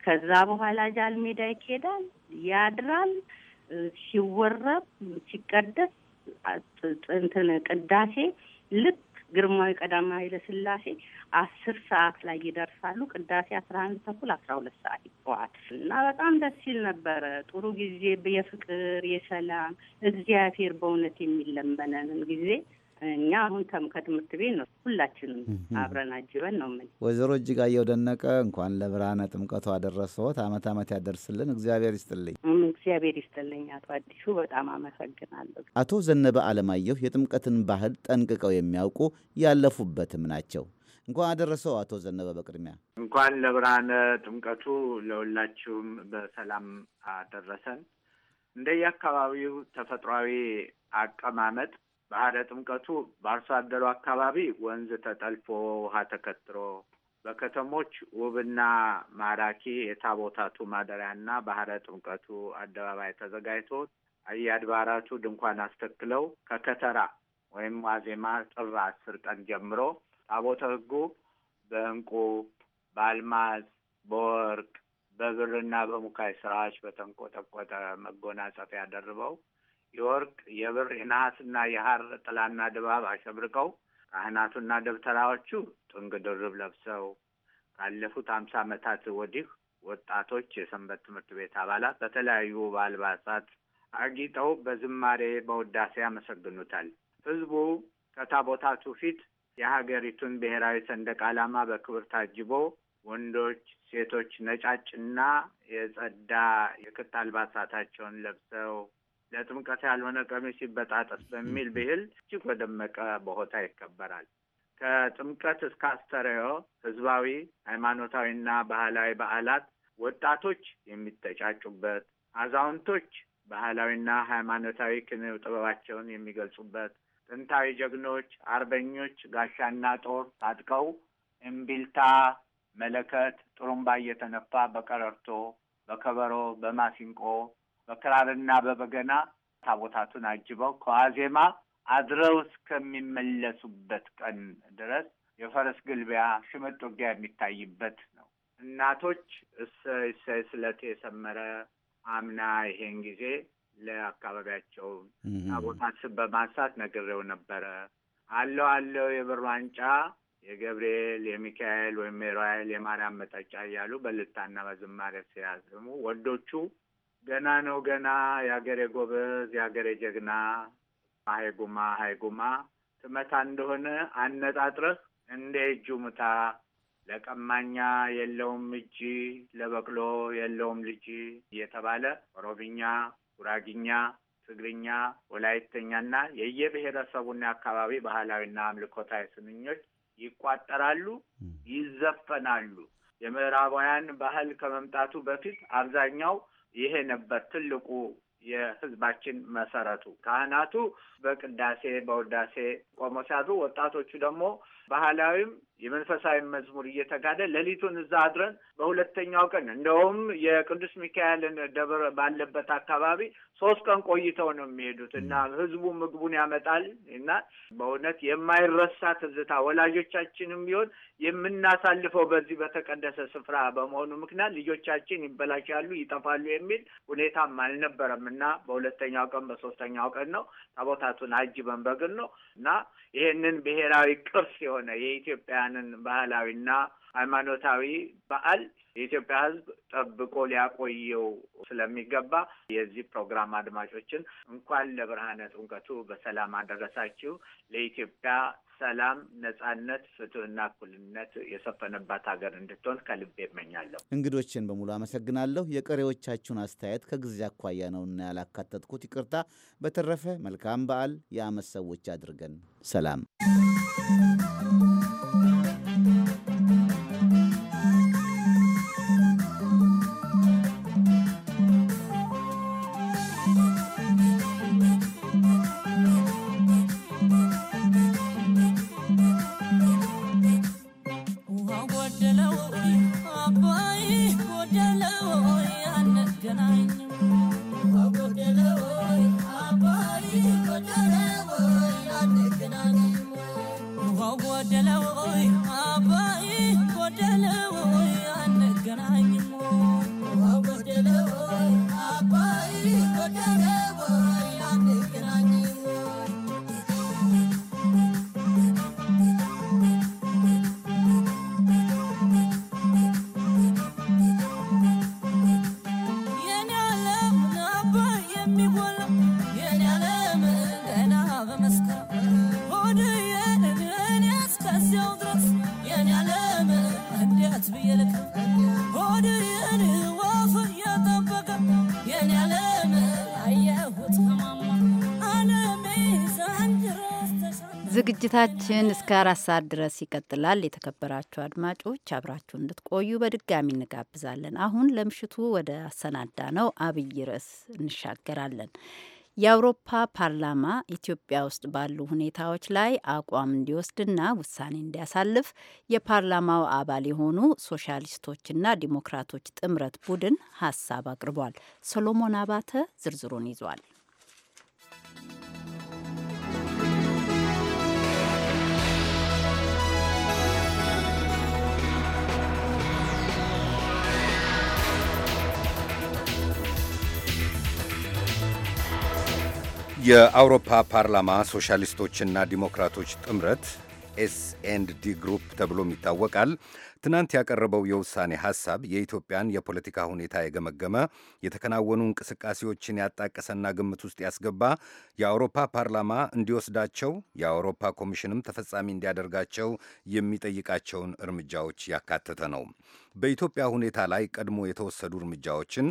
ከዛ በኋላ ጃልሜዳ ይኬዳል ያድራል። ሲወረብ ሲቀደስ እንትን ቅዳሴ ልክ ግርማዊ ቀዳማዊ ኃይለ ሥላሴ አስር ሰዓት ላይ ይደርሳሉ። ቅዳሴ አስራ አንድ ተኩል አስራ ሁለት ሰዓት ይጠዋል እና በጣም ደስ ሲል ነበረ። ጥሩ ጊዜ የፍቅር የሰላም እግዚአብሔር በእውነት የሚለመነንን ጊዜ እኛ አሁን ከትምህርት ቤት ነው ሁላችንም አብረን አጅበን ነው ምን ወይዘሮ እጅጋየሁ ደነቀ እንኳን ለብርሃነ ጥምቀቱ አደረሰዎት። አመት አመት ያደርስልን እግዚአብሔር ይስጥልኝ። እግዚአብሔር ይስጥልኝ አቶ አዲሱ በጣም አመሰግናለሁ። አቶ ዘነበ አለማየሁ የጥምቀትን ባህል ጠንቅቀው የሚያውቁ ያለፉበትም ናቸው። እንኳን አደረሰው አቶ ዘነበ። በቅድሚያ እንኳን ለብርሃነ ጥምቀቱ ለሁላችሁም በሰላም አደረሰን። እንደየአካባቢው ተፈጥሯዊ አቀማመጥ ባህረ ጥምቀቱ በአርሶ አደሩ አካባቢ ወንዝ ተጠልፎ ውሃ ተከትሮ በከተሞች ውብና ማራኪ የታቦታቱ ማደሪያና ባህረ ጥምቀቱ አደባባይ ተዘጋጅቶ አድባራቱ ድንኳን አስተክለው ከከተራ ወይም ዋዜማ ጥር አስር ቀን ጀምሮ ታቦተ ሕጉ በእንቁ፣ በአልማዝ፣ በወርቅ፣ በብርና በሙካይ ስራዎች በተንቆጠቆጠ መጎናጸፊያ ደርበው የወርቅ የብር የነሐስና የሐር ጥላና ድባብ አሸብርቀው ካህናቱና ደብተራዎቹ ጥንግ ድርብ ለብሰው ካለፉት አምሳ ዓመታት ወዲህ ወጣቶች የሰንበት ትምህርት ቤት አባላት በተለያዩ ባልባሳት አጊጠው በዝማሬ በውዳሴ ያመሰግኑታል። ህዝቡ ከታቦታቱ ፊት የሀገሪቱን ብሔራዊ ሰንደቅ ዓላማ በክብር ታጅቦ ወንዶች፣ ሴቶች ነጫጭና የጸዳ የክት አልባሳታቸውን ለብሰው ለጥምቀት ያልሆነ ቀሚስ ይበጣጠስ በሚል ብሂል እጅግ በደመቀ በሆታ ይከበራል። ከጥምቀት እስከ ህዝባዊ ሃይማኖታዊና ባህላዊ በዓላት ወጣቶች የሚተጫጩበት፣ አዛውንቶች ባህላዊና ሃይማኖታዊ ኪነ ጥበባቸውን የሚገልጹበት፣ ጥንታዊ ጀግኖች አርበኞች ጋሻና ጦር ታጥቀው እምቢልታ፣ መለከት፣ ጥሩምባ እየተነፋ በቀረርቶ፣ በከበሮ፣ በማሲንቆ በክራርና በበገና ታቦታቱን አጅበው ከዋዜማ አድረው እስከሚመለሱበት ቀን ድረስ የፈረስ ግልቢያ፣ ሽመጥ ውጊያ የሚታይበት ነው። እናቶች እሰይ እሰይ የሰመረ አምና ይሄን ጊዜ ለአካባቢያቸው ታቦታት በማንሳት ነግሬው ነበረ። አለው አለው የብር ዋንጫ የገብርኤል የሚካኤል ወይም የራይል የማርያም መጠጫ እያሉ በልታና በዝማሬ ሲያዝሙ ወንዶቹ ገና ነው ገና የአገሬ ጎበዝ የአገሬ ጀግና ሀይጉማ ሀይጉማ ትመታ እንደሆነ አነጣጥረህ እንደ እጁ ምታ። ለቀማኛ የለውም እጅ ለበቅሎ የለውም ልጅ እየተባለ ኦሮብኛ፣ ጉራግኛ፣ ትግርኛ፣ ወላይተኛና የየብሔረሰቡና አካባቢ ባህላዊና አምልኮታዊ ስንኞች ይቋጠራሉ፣ ይዘፈናሉ። የምዕራባውያን ባህል ከመምጣቱ በፊት አብዛኛው ይሄ ነበር ትልቁ የህዝባችን መሰረቱ። ካህናቱ በቅዳሴ በውዳሴ ቆሞ ሲያድሩ፣ ወጣቶቹ ደግሞ ባህላዊም የመንፈሳዊ መዝሙር እየተጋደ ሌሊቱን እዛ አድረን በሁለተኛው ቀን እንደውም የቅዱስ ሚካኤልን ደብር ባለበት አካባቢ ሶስት ቀን ቆይተው ነው የሚሄዱት እና ህዝቡ ምግቡን ያመጣል እና በእውነት የማይረሳ ትዝታ ወላጆቻችንም ቢሆን የምናሳልፈው በዚህ በተቀደሰ ስፍራ በመሆኑ ምክንያት ልጆቻችን ይበላሻሉ፣ ይጠፋሉ የሚል ሁኔታም አልነበረም እና በሁለተኛው ቀን በሶስተኛው ቀን ነው ታቦታቱን አጅበን በግል ነው እና ይሄንን ብሔራዊ ቅርስ የሆነ የኢትዮጵያ ያንን ባህላዊና ሃይማኖታዊ በዓል የኢትዮጵያ ሕዝብ ጠብቆ ሊያቆየው ስለሚገባ የዚህ ፕሮግራም አድማጮችን እንኳን ለብርሃነ ጥምቀቱ በሰላም አደረሳችሁ። ለኢትዮጵያ ሰላም፣ ነጻነት፣ ፍትህና እኩልነት የሰፈነባት ሀገር እንድትሆን ከልብ ይመኛለሁ። እንግዶችን በሙሉ አመሰግናለሁ። የቀሪዎቻችሁን አስተያየት ከጊዜ አኳያ ነውና ያላካተትኩት ይቅርታ። በተረፈ መልካም በዓል የአመት ሰዎች አድርገን ሰላም ዝግጅታችን እስከ አራት ሰዓት ድረስ ይቀጥላል። የተከበራችሁ አድማጮች አብራችሁ እንድትቆዩ በድጋሚ እንጋብዛለን። አሁን ለምሽቱ ወደ አሰናዳ ነው አብይ ርዕስ እንሻገራለን። የአውሮፓ ፓርላማ ኢትዮጵያ ውስጥ ባሉ ሁኔታዎች ላይ አቋም እንዲወስድና ውሳኔ እንዲያሳልፍ የፓርላማው አባል የሆኑ ሶሻሊስቶችና ዲሞክራቶች ጥምረት ቡድን ሀሳብ አቅርቧል። ሰሎሞን አባተ ዝርዝሩን ይዟል። የአውሮፓ ፓርላማ ሶሻሊስቶችና ዲሞክራቶች ጥምረት ኤስ ኤንድ ዲ ግሩፕ ተብሎም ይታወቃል ትናንት ያቀረበው የውሳኔ ሐሳብ የኢትዮጵያን የፖለቲካ ሁኔታ የገመገመ የተከናወኑ እንቅስቃሴዎችን ያጣቀሰና ግምት ውስጥ ያስገባ የአውሮፓ ፓርላማ እንዲወስዳቸው የአውሮፓ ኮሚሽንም ተፈጻሚ እንዲያደርጋቸው የሚጠይቃቸውን እርምጃዎች ያካተተ ነው። በኢትዮጵያ ሁኔታ ላይ ቀድሞ የተወሰዱ እርምጃዎችን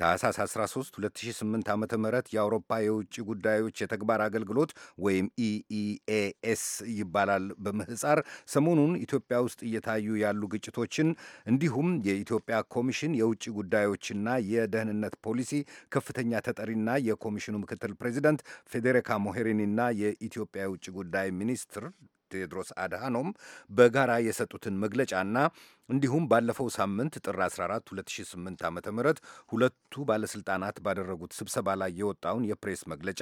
ታህሳስ 13 2008 ዓ ም የአውሮፓ የውጭ ጉዳዮች የተግባር አገልግሎት ወይም ኢኢኤኤስ e e ይባላል በምህፃር ሰሞኑን ኢትዮጵያ ውስጥ እየታዩ ያሉ ግጭቶችን እንዲሁም የኢትዮጵያ ኮሚሽን የውጭ ጉዳዮችና የደህንነት ፖሊሲ ከፍተኛ ተጠሪና የኮሚሽኑ ምክትል ፕሬዚደንት ፌዴሪካ ሞሄሪኒና የኢትዮጵያ የውጭ ጉዳይ ሚኒስትር ቴዎድሮስ አድሃኖም በጋራ የሰጡትን መግለጫና እንዲሁም ባለፈው ሳምንት ጥር 14 2008 ዓ ም ሁለቱ ባለሥልጣናት ባደረጉት ስብሰባ ላይ የወጣውን የፕሬስ መግለጫ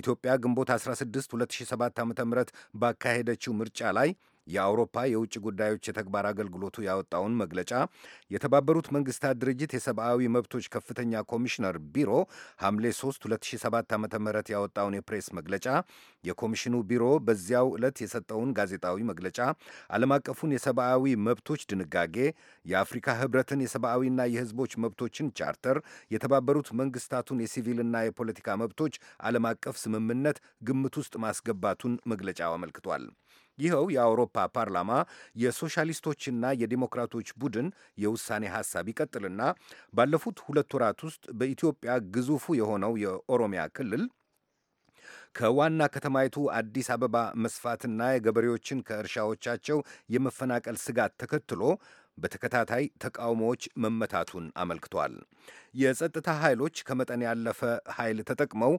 ኢትዮጵያ ግንቦት 16 2007 ዓ ም ባካሄደችው ምርጫ ላይ የአውሮፓ የውጭ ጉዳዮች የተግባር አገልግሎቱ ያወጣውን መግለጫ የተባበሩት መንግስታት ድርጅት የሰብአዊ መብቶች ከፍተኛ ኮሚሽነር ቢሮ ሐምሌ 3 2007 ዓ ም ያወጣውን የፕሬስ መግለጫ የኮሚሽኑ ቢሮ በዚያው ዕለት የሰጠውን ጋዜጣዊ መግለጫ ዓለም አቀፉን የሰብአዊ መብቶች ድንጋጌ የአፍሪካ ህብረትን የሰብአዊና የህዝቦች መብቶችን ቻርተር የተባበሩት መንግስታቱን የሲቪልና የፖለቲካ መብቶች ዓለም አቀፍ ስምምነት ግምት ውስጥ ማስገባቱን መግለጫው አመልክቷል። ይኸው የአውሮፓ ፓርላማ የሶሻሊስቶችና የዲሞክራቶች ቡድን የውሳኔ ሐሳብ ይቀጥልና ባለፉት ሁለት ወራት ውስጥ በኢትዮጵያ ግዙፉ የሆነው የኦሮሚያ ክልል ከዋና ከተማይቱ አዲስ አበባ መስፋትና የገበሬዎችን ከእርሻዎቻቸው የመፈናቀል ስጋት ተከትሎ በተከታታይ ተቃውሞዎች መመታቱን አመልክቷል። የጸጥታ ኃይሎች ከመጠን ያለፈ ኃይል ተጠቅመው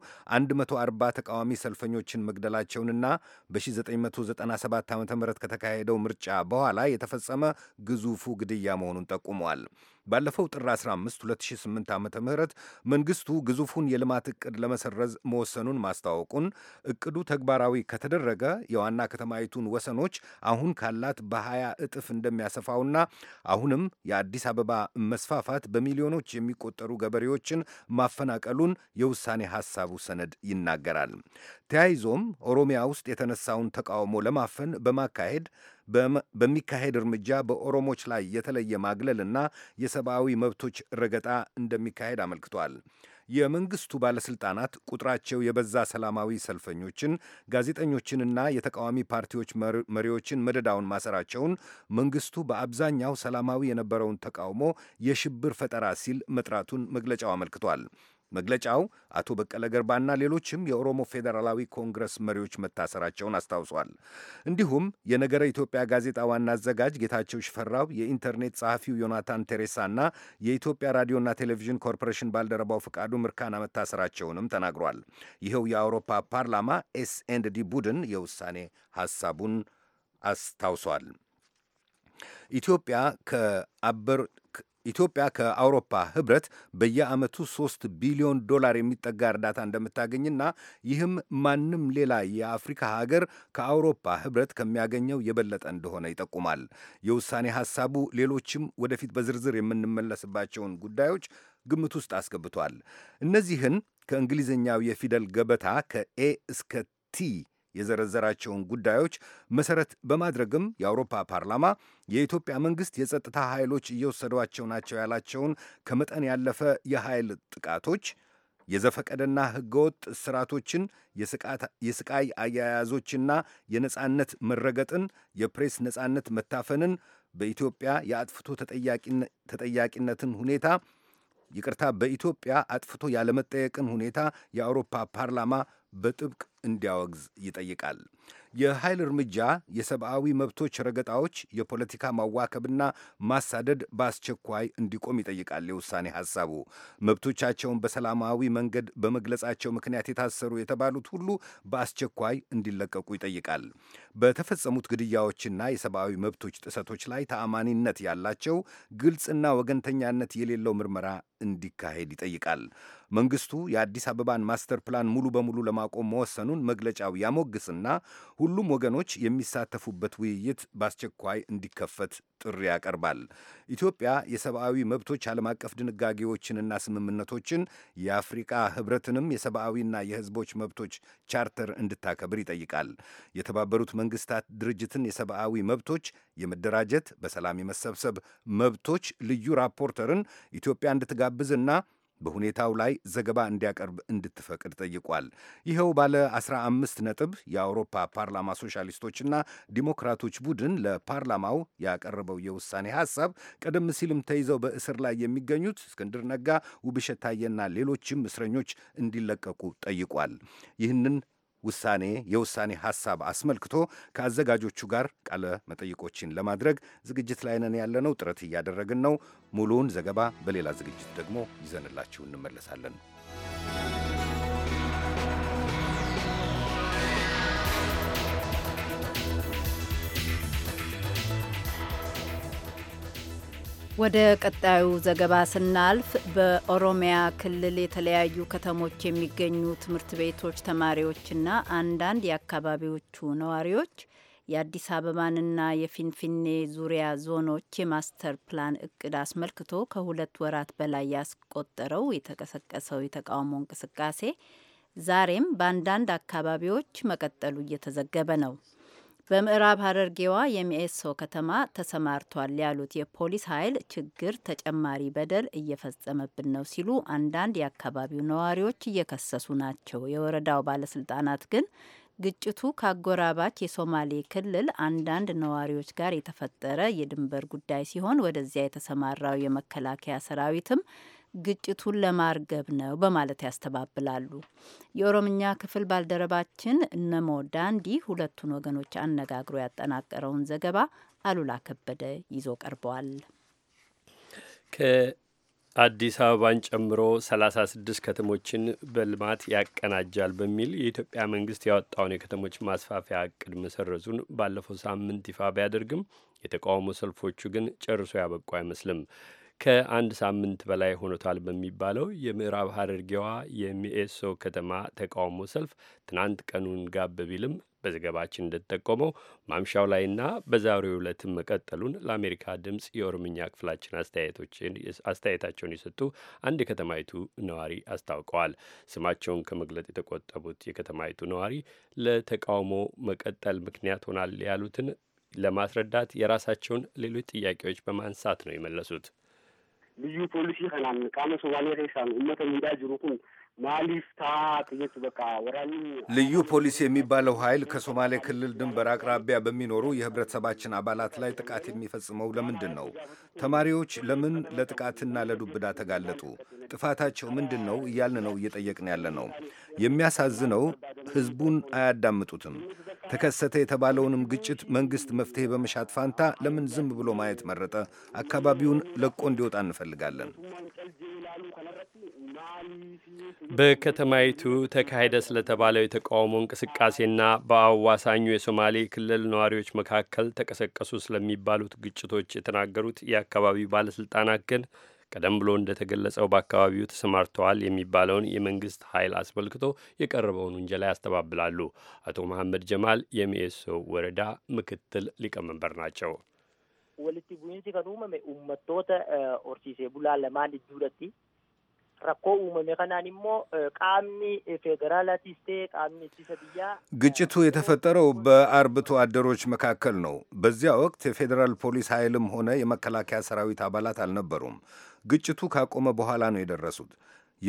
140 ተቃዋሚ ሰልፈኞችን መግደላቸውንና በ1997 ዓ ም ከተካሄደው ምርጫ በኋላ የተፈጸመ ግዙፉ ግድያ መሆኑን ጠቁመዋል። ባለፈው ጥር 15 2008 ዓ ም መንግስቱ ግዙፉን የልማት እቅድ ለመሰረዝ መወሰኑን ማስታወቁን፣ እቅዱ ተግባራዊ ከተደረገ የዋና ከተማይቱን ወሰኖች አሁን ካላት በሀያ እጥፍ እንደሚያሰፋውና አሁንም የአዲስ አበባ መስፋፋት በሚሊዮኖች የሚቆጠሩ ገበሬዎችን ማፈናቀሉን የውሳኔ ሐሳቡ ሰነድ ይናገራል። ተያይዞም ኦሮሚያ ውስጥ የተነሳውን ተቃውሞ ለማፈን በማካሄድ በሚካሄድ እርምጃ በኦሮሞች ላይ የተለየ ማግለልና የሰብአዊ መብቶች ረገጣ እንደሚካሄድ አመልክቷል። የመንግስቱ ባለስልጣናት ቁጥራቸው የበዛ ሰላማዊ ሰልፈኞችን፣ ጋዜጠኞችንና የተቃዋሚ ፓርቲዎች መሪዎችን መደዳውን ማሰራቸውን መንግስቱ በአብዛኛው ሰላማዊ የነበረውን ተቃውሞ የሽብር ፈጠራ ሲል መጥራቱን መግለጫው አመልክቷል። መግለጫው አቶ በቀለ ገርባና ሌሎችም የኦሮሞ ፌዴራላዊ ኮንግረስ መሪዎች መታሰራቸውን አስታውሷል። እንዲሁም የነገረ ኢትዮጵያ ጋዜጣ ዋና አዘጋጅ ጌታቸው ሽፈራው፣ የኢንተርኔት ጸሐፊው ዮናታን ቴሬሳና የኢትዮጵያ ራዲዮና ቴሌቪዥን ኮርፖሬሽን ባልደረባው ፍቃዱ ምርካና መታሰራቸውንም ተናግሯል። ይኸው የአውሮፓ ፓርላማ ኤስ ኤንድ ዲ ቡድን የውሳኔ ሐሳቡን አስታውሷል። ኢትዮጵያ ኢትዮጵያ ከአውሮፓ ህብረት በየዓመቱ ሶስት ቢሊዮን ዶላር የሚጠጋ እርዳታ እንደምታገኝና ይህም ማንም ሌላ የአፍሪካ ሀገር ከአውሮፓ ህብረት ከሚያገኘው የበለጠ እንደሆነ ይጠቁማል። የውሳኔ ሐሳቡ ሌሎችም ወደፊት በዝርዝር የምንመለስባቸውን ጉዳዮች ግምት ውስጥ አስገብቷል። እነዚህን ከእንግሊዝኛው የፊደል ገበታ ከኤ እስከ ቲ የዘረዘራቸውን ጉዳዮች መሰረት በማድረግም የአውሮፓ ፓርላማ የኢትዮጵያ መንግስት የጸጥታ ኃይሎች እየወሰዷቸው ናቸው ያላቸውን ከመጠን ያለፈ የኃይል ጥቃቶች የዘፈቀደና ህገወጥ እስራቶችን፣ የስቃይ አያያዞችና የነጻነት መረገጥን፣ የፕሬስ ነጻነት መታፈንን፣ በኢትዮጵያ የአጥፍቶ ተጠያቂነትን ሁኔታ ይቅርታ፣ በኢትዮጵያ አጥፍቶ ያለመጠየቅን ሁኔታ የአውሮፓ ፓርላማ በጥብቅ እንዲያወግዝ ይጠይቃል። የኃይል እርምጃ፣ የሰብአዊ መብቶች ረገጣዎች፣ የፖለቲካ ማዋከብና ማሳደድ በአስቸኳይ እንዲቆም ይጠይቃል። የውሳኔ ሐሳቡ መብቶቻቸውን በሰላማዊ መንገድ በመግለጻቸው ምክንያት የታሰሩ የተባሉት ሁሉ በአስቸኳይ እንዲለቀቁ ይጠይቃል። በተፈጸሙት ግድያዎችና የሰብአዊ መብቶች ጥሰቶች ላይ ተአማኒነት ያላቸው ግልጽና ወገንተኛነት የሌለው ምርመራ እንዲካሄድ ይጠይቃል። መንግስቱ የአዲስ አበባን ማስተር ፕላን ሙሉ በሙሉ ለማቆም መወሰኑን መግለጫው ያሞግስና ሁሉም ወገኖች የሚሳተፉበት ውይይት በአስቸኳይ እንዲከፈት ጥሪ ያቀርባል። ኢትዮጵያ የሰብአዊ መብቶች ዓለም አቀፍ ድንጋጌዎችንና ስምምነቶችን የአፍሪቃ ህብረትንም የሰብአዊና የህዝቦች መብቶች ቻርተር እንድታከብር ይጠይቃል። የተባበሩት መንግስታት ድርጅትን የሰብአዊ መብቶች የመደራጀት፣ በሰላም የመሰብሰብ መብቶች ልዩ ራፖርተርን ኢትዮጵያ እንድትጋብዝና በሁኔታው ላይ ዘገባ እንዲያቀርብ እንድትፈቅድ ጠይቋል። ይኸው ባለ 15 ነጥብ የአውሮፓ ፓርላማ ሶሻሊስቶችና ዲሞክራቶች ቡድን ለፓርላማው ያቀረበው የውሳኔ ሐሳብ ቀደም ሲልም ተይዘው በእስር ላይ የሚገኙት እስክንድር ነጋ፣ ውብሸት ታዬና ሌሎችም እስረኞች እንዲለቀቁ ጠይቋል። ይህንን ውሳኔ የውሳኔ ሐሳብ አስመልክቶ ከአዘጋጆቹ ጋር ቃለ መጠይቆችን ለማድረግ ዝግጅት ላይ ነን ያለነው፣ ጥረት እያደረግን ነው። ሙሉውን ዘገባ በሌላ ዝግጅት ደግሞ ይዘንላችሁ እንመለሳለን። ወደ ቀጣዩ ዘገባ ስናልፍ በኦሮሚያ ክልል የተለያዩ ከተሞች የሚገኙ ትምህርት ቤቶች ተማሪዎችና አንዳንድ የአካባቢዎቹ ነዋሪዎች የአዲስ አበባንና የፊንፊኔ ዙሪያ ዞኖች የማስተር ፕላን እቅድ አስመልክቶ ከሁለት ወራት በላይ ያስቆጠረው የተቀሰቀሰው የተቃውሞ እንቅስቃሴ ዛሬም በአንዳንድ አካባቢዎች መቀጠሉ እየተዘገበ ነው። በምዕራብ ሀረርጌዋ የሚኤሶ ከተማ ተሰማርቷል ያሉት የፖሊስ ኃይል ችግር ተጨማሪ በደል እየፈጸመብን ነው ሲሉ አንዳንድ የአካባቢው ነዋሪዎች እየከሰሱ ናቸው። የወረዳው ባለስልጣናት ግን ግጭቱ ከአጎራባች የሶማሌ ክልል አንዳንድ ነዋሪዎች ጋር የተፈጠረ የድንበር ጉዳይ ሲሆን ወደዚያ የተሰማራው የመከላከያ ሰራዊትም ግጭቱን ለማርገብ ነው በማለት ያስተባብላሉ። የኦሮምኛ ክፍል ባልደረባችን እነሞ ዳንዲ ሁለቱን ወገኖች አነጋግሮ ያጠናቀረውን ዘገባ አሉላ ከበደ ይዞ ቀርበዋል። አዲስ አበባን ጨምሮ 36 ከተሞችን በልማት ያቀናጃል በሚል የኢትዮጵያ መንግስት ያወጣውን የከተሞች ማስፋፊያ እቅድ መሰረዙን ባለፈው ሳምንት ይፋ ቢያደርግም የተቃውሞ ሰልፎቹ ግን ጨርሶ ያበቁ አይመስልም። ከአንድ ሳምንት በላይ ሆኖታል በሚባለው የምዕራብ ሀረርጌዋ የሚኤሶ ከተማ ተቃውሞ ሰልፍ ትናንት ቀኑን ጋብ ቢልም በዘገባችን እንደተጠቆመው ማምሻው ላይና በዛሬው ዕለትም መቀጠሉን ለአሜሪካ ድምፅ የኦሮምኛ ክፍላችን አስተያየታቸውን የሰጡ አንድ የከተማይቱ ነዋሪ አስታውቀዋል። ስማቸውን ከመግለጥ የተቆጠቡት የከተማይቱ ነዋሪ ለተቃውሞ መቀጠል ምክንያት ሆናል ያሉትን ለማስረዳት የራሳቸውን ሌሎች ጥያቄዎች በማንሳት ነው የመለሱት። ልዩ ፖሊሲ ከናን qaama Soomaaliyaa keessaan uummata ሚዳ ጅሩ ኩን ማሊፍ ታጥየች በቃ ወራኒ ልዩ ፖሊስ የሚባለው ኃይል ከሶማሌ ክልል ድንበር አቅራቢያ በሚኖሩ የህብረተሰባችን አባላት ላይ ጥቃት የሚፈጽመው ለምንድን ነው? ተማሪዎች ለምን ለጥቃትና ለዱብዳ ተጋለጡ? ጥፋታቸው ምንድን ነው እያልን ነው እየጠየቅን ያለ ነው። የሚያሳዝነው ህዝቡን አያዳምጡትም። ተከሰተ የተባለውንም ግጭት መንግሥት መፍትሔ በመሻት ፋንታ ለምን ዝም ብሎ ማየት መረጠ? አካባቢውን ለቆ እንዲወጣ እንፈልጋለን። በከተማይቱ ተካሄደ ስለተባለው የተቃውሞ እንቅስቃሴና በአዋሳኙ የሶማሌ ክልል ነዋሪዎች መካከል ተቀሰቀሱ ስለሚባሉት ግጭቶች የተናገሩት የአካባቢው ባለሥልጣናት ግን ቀደም ብሎ እንደተገለጸው በአካባቢው ተሰማርተዋል የሚባለውን የመንግስት ኃይል አስመልክቶ የቀረበውን ውንጀላ ያስተባብላሉ። አቶ መሐመድ ጀማል የሚኤሶ ወረዳ ምክትል ሊቀመንበር ናቸው። ወልቲ ቡኒቲ ከን ኡመቶተ ኦርሲሴ ቡላ ለማን ረኮ uumame kanaan immoo qaamni ፌዴራላtis ta'e ግጭቱ የተፈጠረው በአርብቶ አደሮች መካከል ነው። በዚያ ወቅት የፌዴራል ፖሊስ ኃይልም ሆነ የመከላከያ ሰራዊት አባላት አልነበሩም። ግጭቱ ካቆመ በኋላ ነው የደረሱት።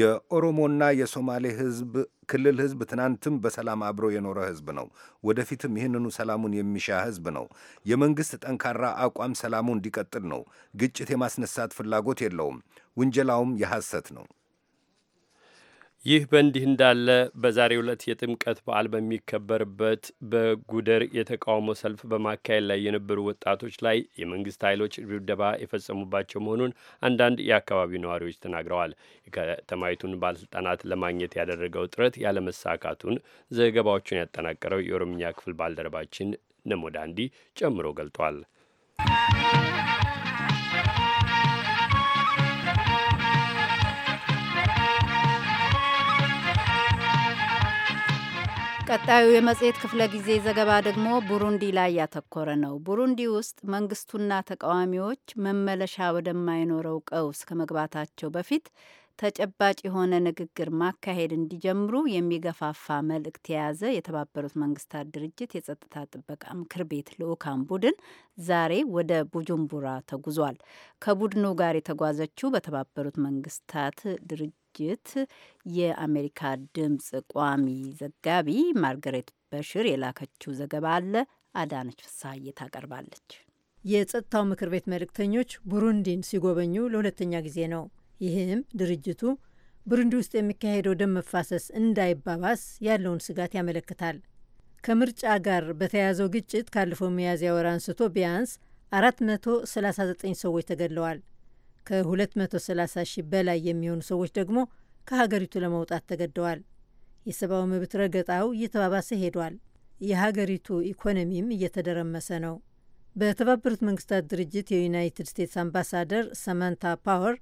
የኦሮሞና የሶማሌ ህዝብ ክልል ህዝብ ትናንትም በሰላም አብሮ የኖረ ህዝብ ነው። ወደፊትም ይህንኑ ሰላሙን የሚሻ ህዝብ ነው። የመንግሥት ጠንካራ አቋም ሰላሙ እንዲቀጥል ነው። ግጭት የማስነሳት ፍላጎት የለውም። ውንጀላውም የሐሰት ነው። ይህ በእንዲህ እንዳለ በዛሬው ዕለት የጥምቀት በዓል በሚከበርበት በጉደር የተቃውሞ ሰልፍ በማካሄድ ላይ የነበሩ ወጣቶች ላይ የመንግስት ኃይሎች ድብደባ የፈጸሙባቸው መሆኑን አንዳንድ የአካባቢው ነዋሪዎች ተናግረዋል። የከተማይቱን ባለስልጣናት ለማግኘት ያደረገው ጥረት ያለመሳካቱን ዘገባዎቹን ያጠናቀረው የኦሮምኛ ክፍል ባልደረባችን ነሞዳንዲ ጨምሮ ገልጧል። ቀጣዩ የመጽሔት ክፍለ ጊዜ ዘገባ ደግሞ ቡሩንዲ ላይ ያተኮረ ነው። ቡሩንዲ ውስጥ መንግስቱና ተቃዋሚዎች መመለሻ ወደማይኖረው ቀውስ ከመግባታቸው በፊት ተጨባጭ የሆነ ንግግር ማካሄድ እንዲጀምሩ የሚገፋፋ መልእክት የያዘ የተባበሩት መንግስታት ድርጅት የጸጥታ ጥበቃ ምክር ቤት ልዑካን ቡድን ዛሬ ወደ ቡጁምቡራ ተጉዟል። ከቡድኑ ጋር የተጓዘችው በተባበሩት መንግስታት ድርጅት ዝግጅት የአሜሪካ ድምፅ ቋሚ ዘጋቢ ማርገሬት በሽር የላከችው ዘገባ አለ። አዳነች ፍሳ ታቀርባለች። የጸጥታው ምክር ቤት መልእክተኞች ቡሩንዲን ሲጎበኙ ለሁለተኛ ጊዜ ነው። ይህም ድርጅቱ ቡሩንዲ ውስጥ የሚካሄደው ደም መፋሰስ እንዳይባባስ ያለውን ስጋት ያመለክታል። ከምርጫ ጋር በተያያዘው ግጭት ካለፈው ሚያዝያ ወር አንስቶ ቢያንስ 439 ሰዎች ተገድለዋል። ከ230 ሺህ በላይ የሚሆኑ ሰዎች ደግሞ ከሀገሪቱ ለመውጣት ተገደዋል። የሰብአዊ መብት ረገጣው እየተባባሰ ሄዷል። የሀገሪቱ ኢኮኖሚም እየተደረመሰ ነው። በተባበሩት መንግስታት ድርጅት የዩናይትድ ስቴትስ አምባሳደር ሰማንታ ፓወር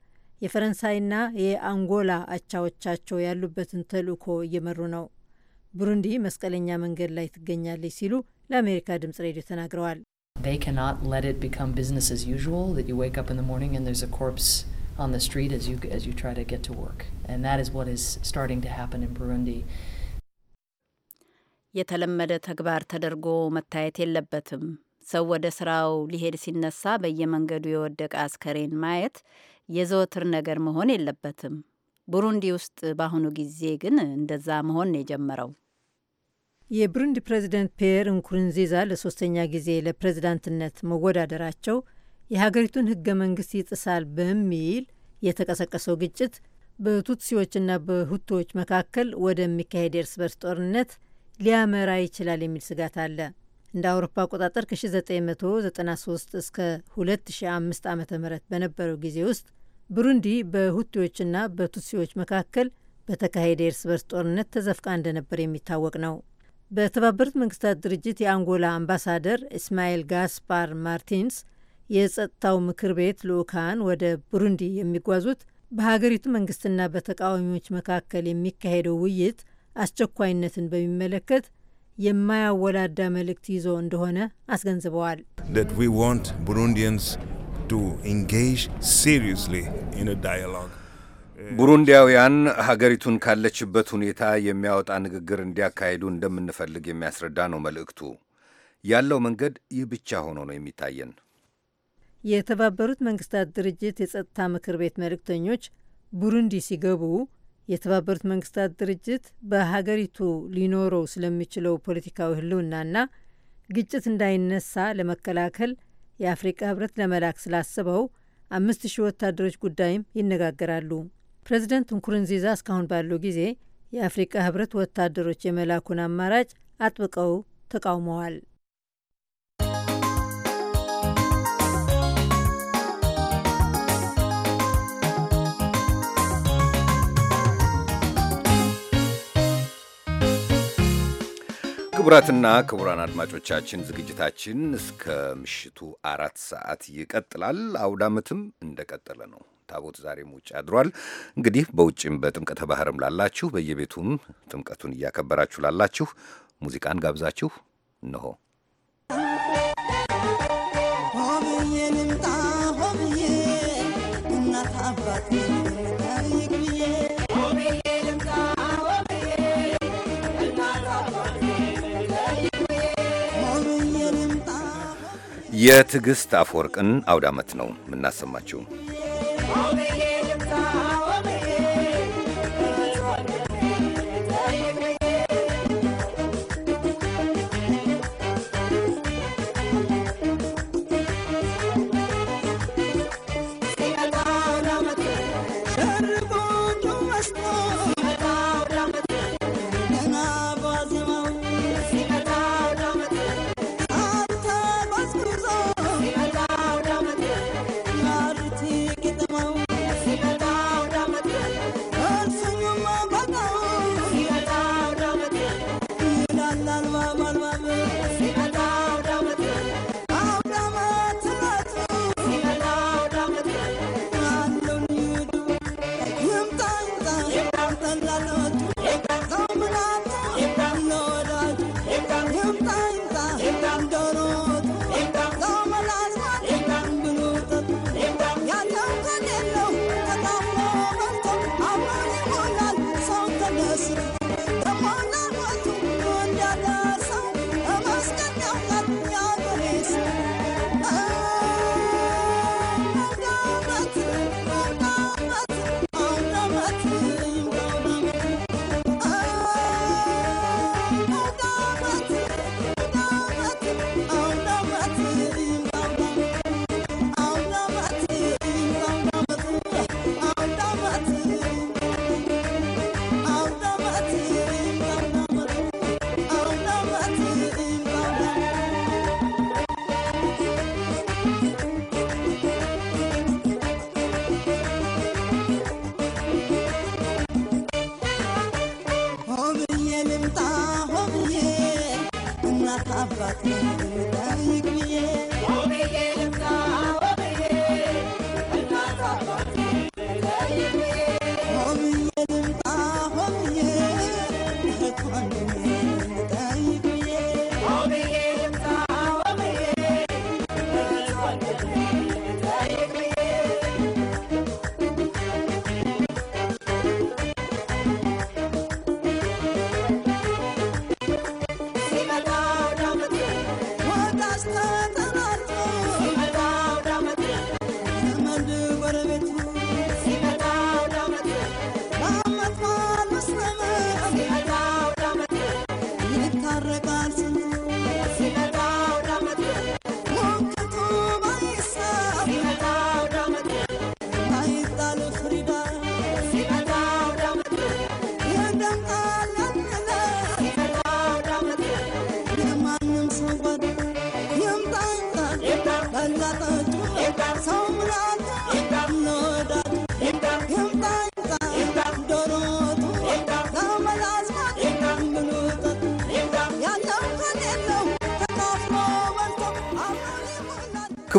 የፈረንሳይና የአንጎላ አቻዎቻቸው ያሉበትን ተልእኮ እየመሩ ነው። ብሩንዲ መስቀለኛ መንገድ ላይ ትገኛለች ሲሉ ለአሜሪካ ድምጽ ሬዲዮ ተናግረዋል። They cannot let it become business as usual that you wake up in the morning and there's a corpse on the street as you, as you try to get to work. And that is what is starting to happen in Burundi. የተለመደ ተግባር ተደርጎ መታየት የለበትም። ሰው ወደ ስራው ሊሄድ ሲነሳ በየመንገዱ የወደቀ አስከሬን ማየት የዘወትር ነገር መሆን የለበትም። ቡሩንዲ ውስጥ በአሁኑ ጊዜ ግን እንደዛ መሆን የጀመረው። የብሩንዲ ፕሬዚደንት ፒየር እንኩርንዚዛ ለሶስተኛ ጊዜ ለፕሬዚዳንትነት መወዳደራቸው የሀገሪቱን ህገ መንግስት ይጥሳል በሚል የተቀሰቀሰው ግጭት በቱትሲዎችና በሁቶዎች መካከል ወደሚካሄድ የእርስ በርስ ጦርነት ሊያመራ ይችላል የሚል ስጋት አለ። እንደ አውሮፓ አቆጣጠር ከ1993 እስከ 2005 ዓ ም በነበረው ጊዜ ውስጥ ብሩንዲ በሁቲዎችና በቱትሲዎች መካከል በተካሄደ የእርስ በርስ ጦርነት ተዘፍቃ እንደነበር የሚታወቅ ነው። በተባበሩት መንግስታት ድርጅት የአንጎላ አምባሳደር ኢስማኤል ጋስፓር ማርቲንስ የጸጥታው ምክር ቤት ልዑካን ወደ ቡሩንዲ የሚጓዙት በሀገሪቱ መንግስትና በተቃዋሚዎች መካከል የሚካሄደው ውይይት አስቸኳይነትን በሚመለከት የማያወላዳ መልእክት ይዞ እንደሆነ አስገንዝበዋል። ቡሩንዲንስ ቱ ኢንጌጅ ሲሪየስሊ ኢን ዳያሎግ ቡሩንዲያውያን ሀገሪቱን ካለችበት ሁኔታ የሚያወጣ ንግግር እንዲያካሂዱ እንደምንፈልግ የሚያስረዳ ነው መልእክቱ። ያለው መንገድ ይህ ብቻ ሆኖ ነው የሚታየን። የተባበሩት መንግስታት ድርጅት የጸጥታ ምክር ቤት መልእክተኞች ቡሩንዲ ሲገቡ የተባበሩት መንግስታት ድርጅት በሀገሪቱ ሊኖረው ስለሚችለው ፖለቲካዊ ህልውናና ግጭት እንዳይነሳ ለመከላከል የአፍሪቃ ህብረት ለመላክ ስላሰበው አምስት ሺህ ወታደሮች ጉዳይም ይነጋገራሉ። ፕሬዚደንት ንኩሩንዚዛ እስካሁን ባለው ጊዜ የአፍሪቃ ህብረት ወታደሮች የመላኩን አማራጭ አጥብቀው ተቃውመዋል። ክቡራትና ክቡራን አድማጮቻችን ዝግጅታችን እስከ ምሽቱ አራት ሰዓት ይቀጥላል። ዓመትም እንደቀጠለ ነው። ታቦት ዛሬም ውጭ አድሯል። እንግዲህ በውጭም በጥምቀተ ባህርም ላላችሁ፣ በየቤቱም ጥምቀቱን እያከበራችሁ ላላችሁ ሙዚቃን ጋብዛችሁ እንሆ የትዕግሥት አፈወርቅን አውዳመት ነው የምናሰማችው። Oh,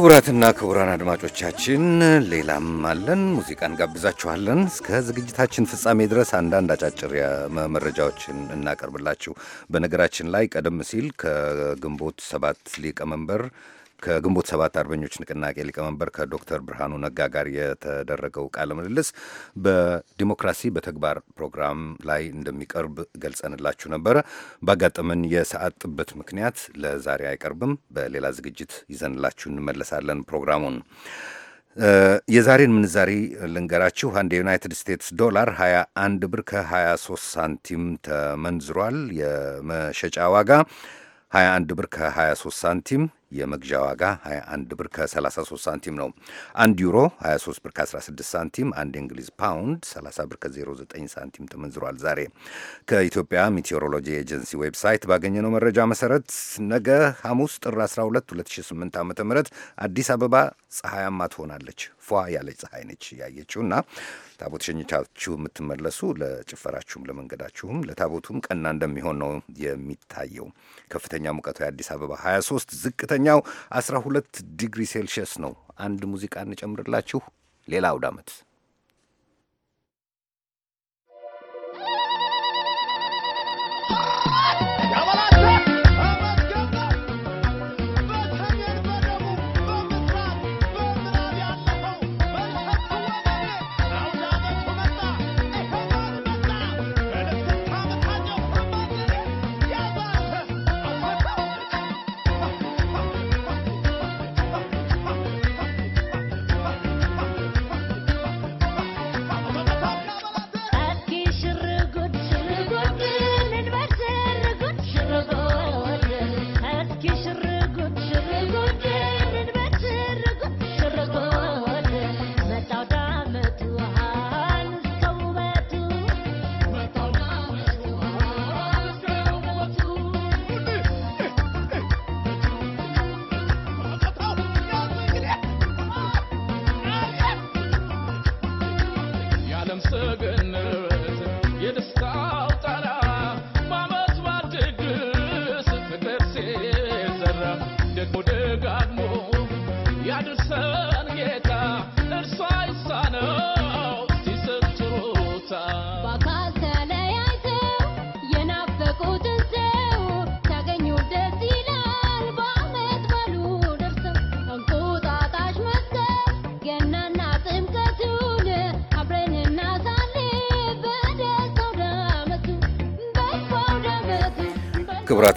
ክቡራትና ክቡራን አድማጮቻችን ሌላም አለን፣ ሙዚቃን ጋብዛችኋለን። እስከ ዝግጅታችን ፍጻሜ ድረስ አንዳንድ አጫጭር መረጃዎችን እናቀርብላችሁ። በነገራችን ላይ ቀደም ሲል ከግንቦት ሰባት ሊቀመንበር ከግንቦት ሰባት አርበኞች ንቅናቄ ሊቀመንበር ከዶክተር ብርሃኑ ነጋ ጋር የተደረገው ቃለ ምልልስ በዲሞክራሲ በተግባር ፕሮግራም ላይ እንደሚቀርብ ገልጸንላችሁ ነበረ። ባጋጠመን የሰዓት ጥበት ምክንያት ለዛሬ አይቀርብም። በሌላ ዝግጅት ይዘንላችሁ እንመለሳለን ፕሮግራሙን። የዛሬን ምንዛሪ ልንገራችሁ። አንድ የዩናይትድ ስቴትስ ዶላር 21 ብር ከ23 ሳንቲም ተመንዝሯል። የመሸጫ ዋጋ 21 ብር ከ23 ሳንቲም የመግዣ ዋጋ 21 ብር ከ33 ሳንቲም ነው። አንድ ዩሮ 23 ብር ከ16 ሳንቲም፣ አንድ የእንግሊዝ ፓውንድ 30 ብር ከ09 ሳንቲም ተመንዝሯል። ዛሬ ከኢትዮጵያ ሚቴዎሮሎጂ ኤጀንሲ ዌብሳይት ባገኘነው መረጃ መሰረት ነገ ሐሙስ ጥር 12 2008 ዓ ም አዲስ አበባ ፀሐያማ ትሆናለች። ፏ ያለች ፀሐይ ነች ያየችው እና ታቦት ሸኝቻችሁ የምትመለሱ ለጭፈራችሁም፣ ለመንገዳችሁም፣ ለታቦቱም ቀና እንደሚሆን ነው የሚታየው። ከፍተኛ ሙቀቱ የአዲስ አበባ 23፣ ዝቅተኛው 12 ዲግሪ ሴልሺየስ ነው። አንድ ሙዚቃ እንጨምርላችሁ። ሌላ አውድ ዓመት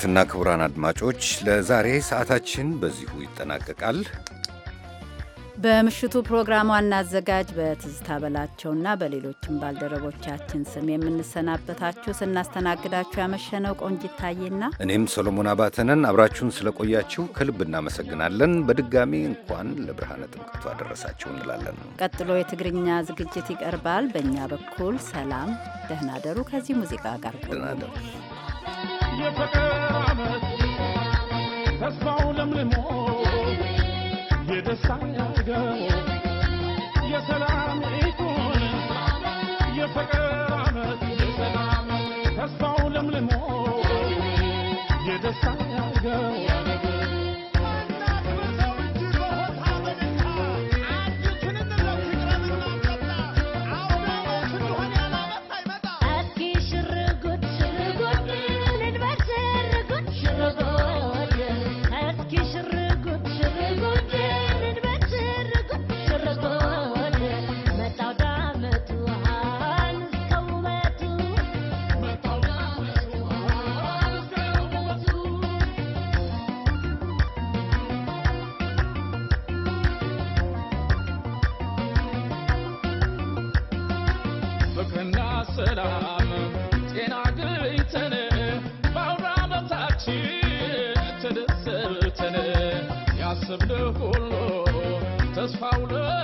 ክቡራትና ክቡራን አድማጮች ለዛሬ ሰዓታችን በዚሁ ይጠናቀቃል። በምሽቱ ፕሮግራም ዋና አዘጋጅ በትዝታ በላቸውና በሌሎችም ባልደረቦቻችን ስም የምንሰናበታችሁ ስናስተናግዳችሁ ያመሸነው ቆንጂት ታዬና እኔም ሰሎሞን አባተነን። አብራችሁን ስለቆያችሁ ከልብ እናመሰግናለን። በድጋሚ እንኳን ለብርሃነ ጥምቀቱ አደረሳችሁ እንላለን። ቀጥሎ የትግርኛ ዝግጅት ይቀርባል። በእኛ በኩል ሰላም፣ ደህና ደሩ። ከዚህ ሙዚቃ ጋር ደህና ደሩ። ዓመት ተስፋው ለምልሞ የደስታ ያገሞ የሰላም ኢኮን የፍቅር ዓመት ተስፋው ለምልሞ የደስታ ያገሞ ፍርድ ሁሉ ተስፋው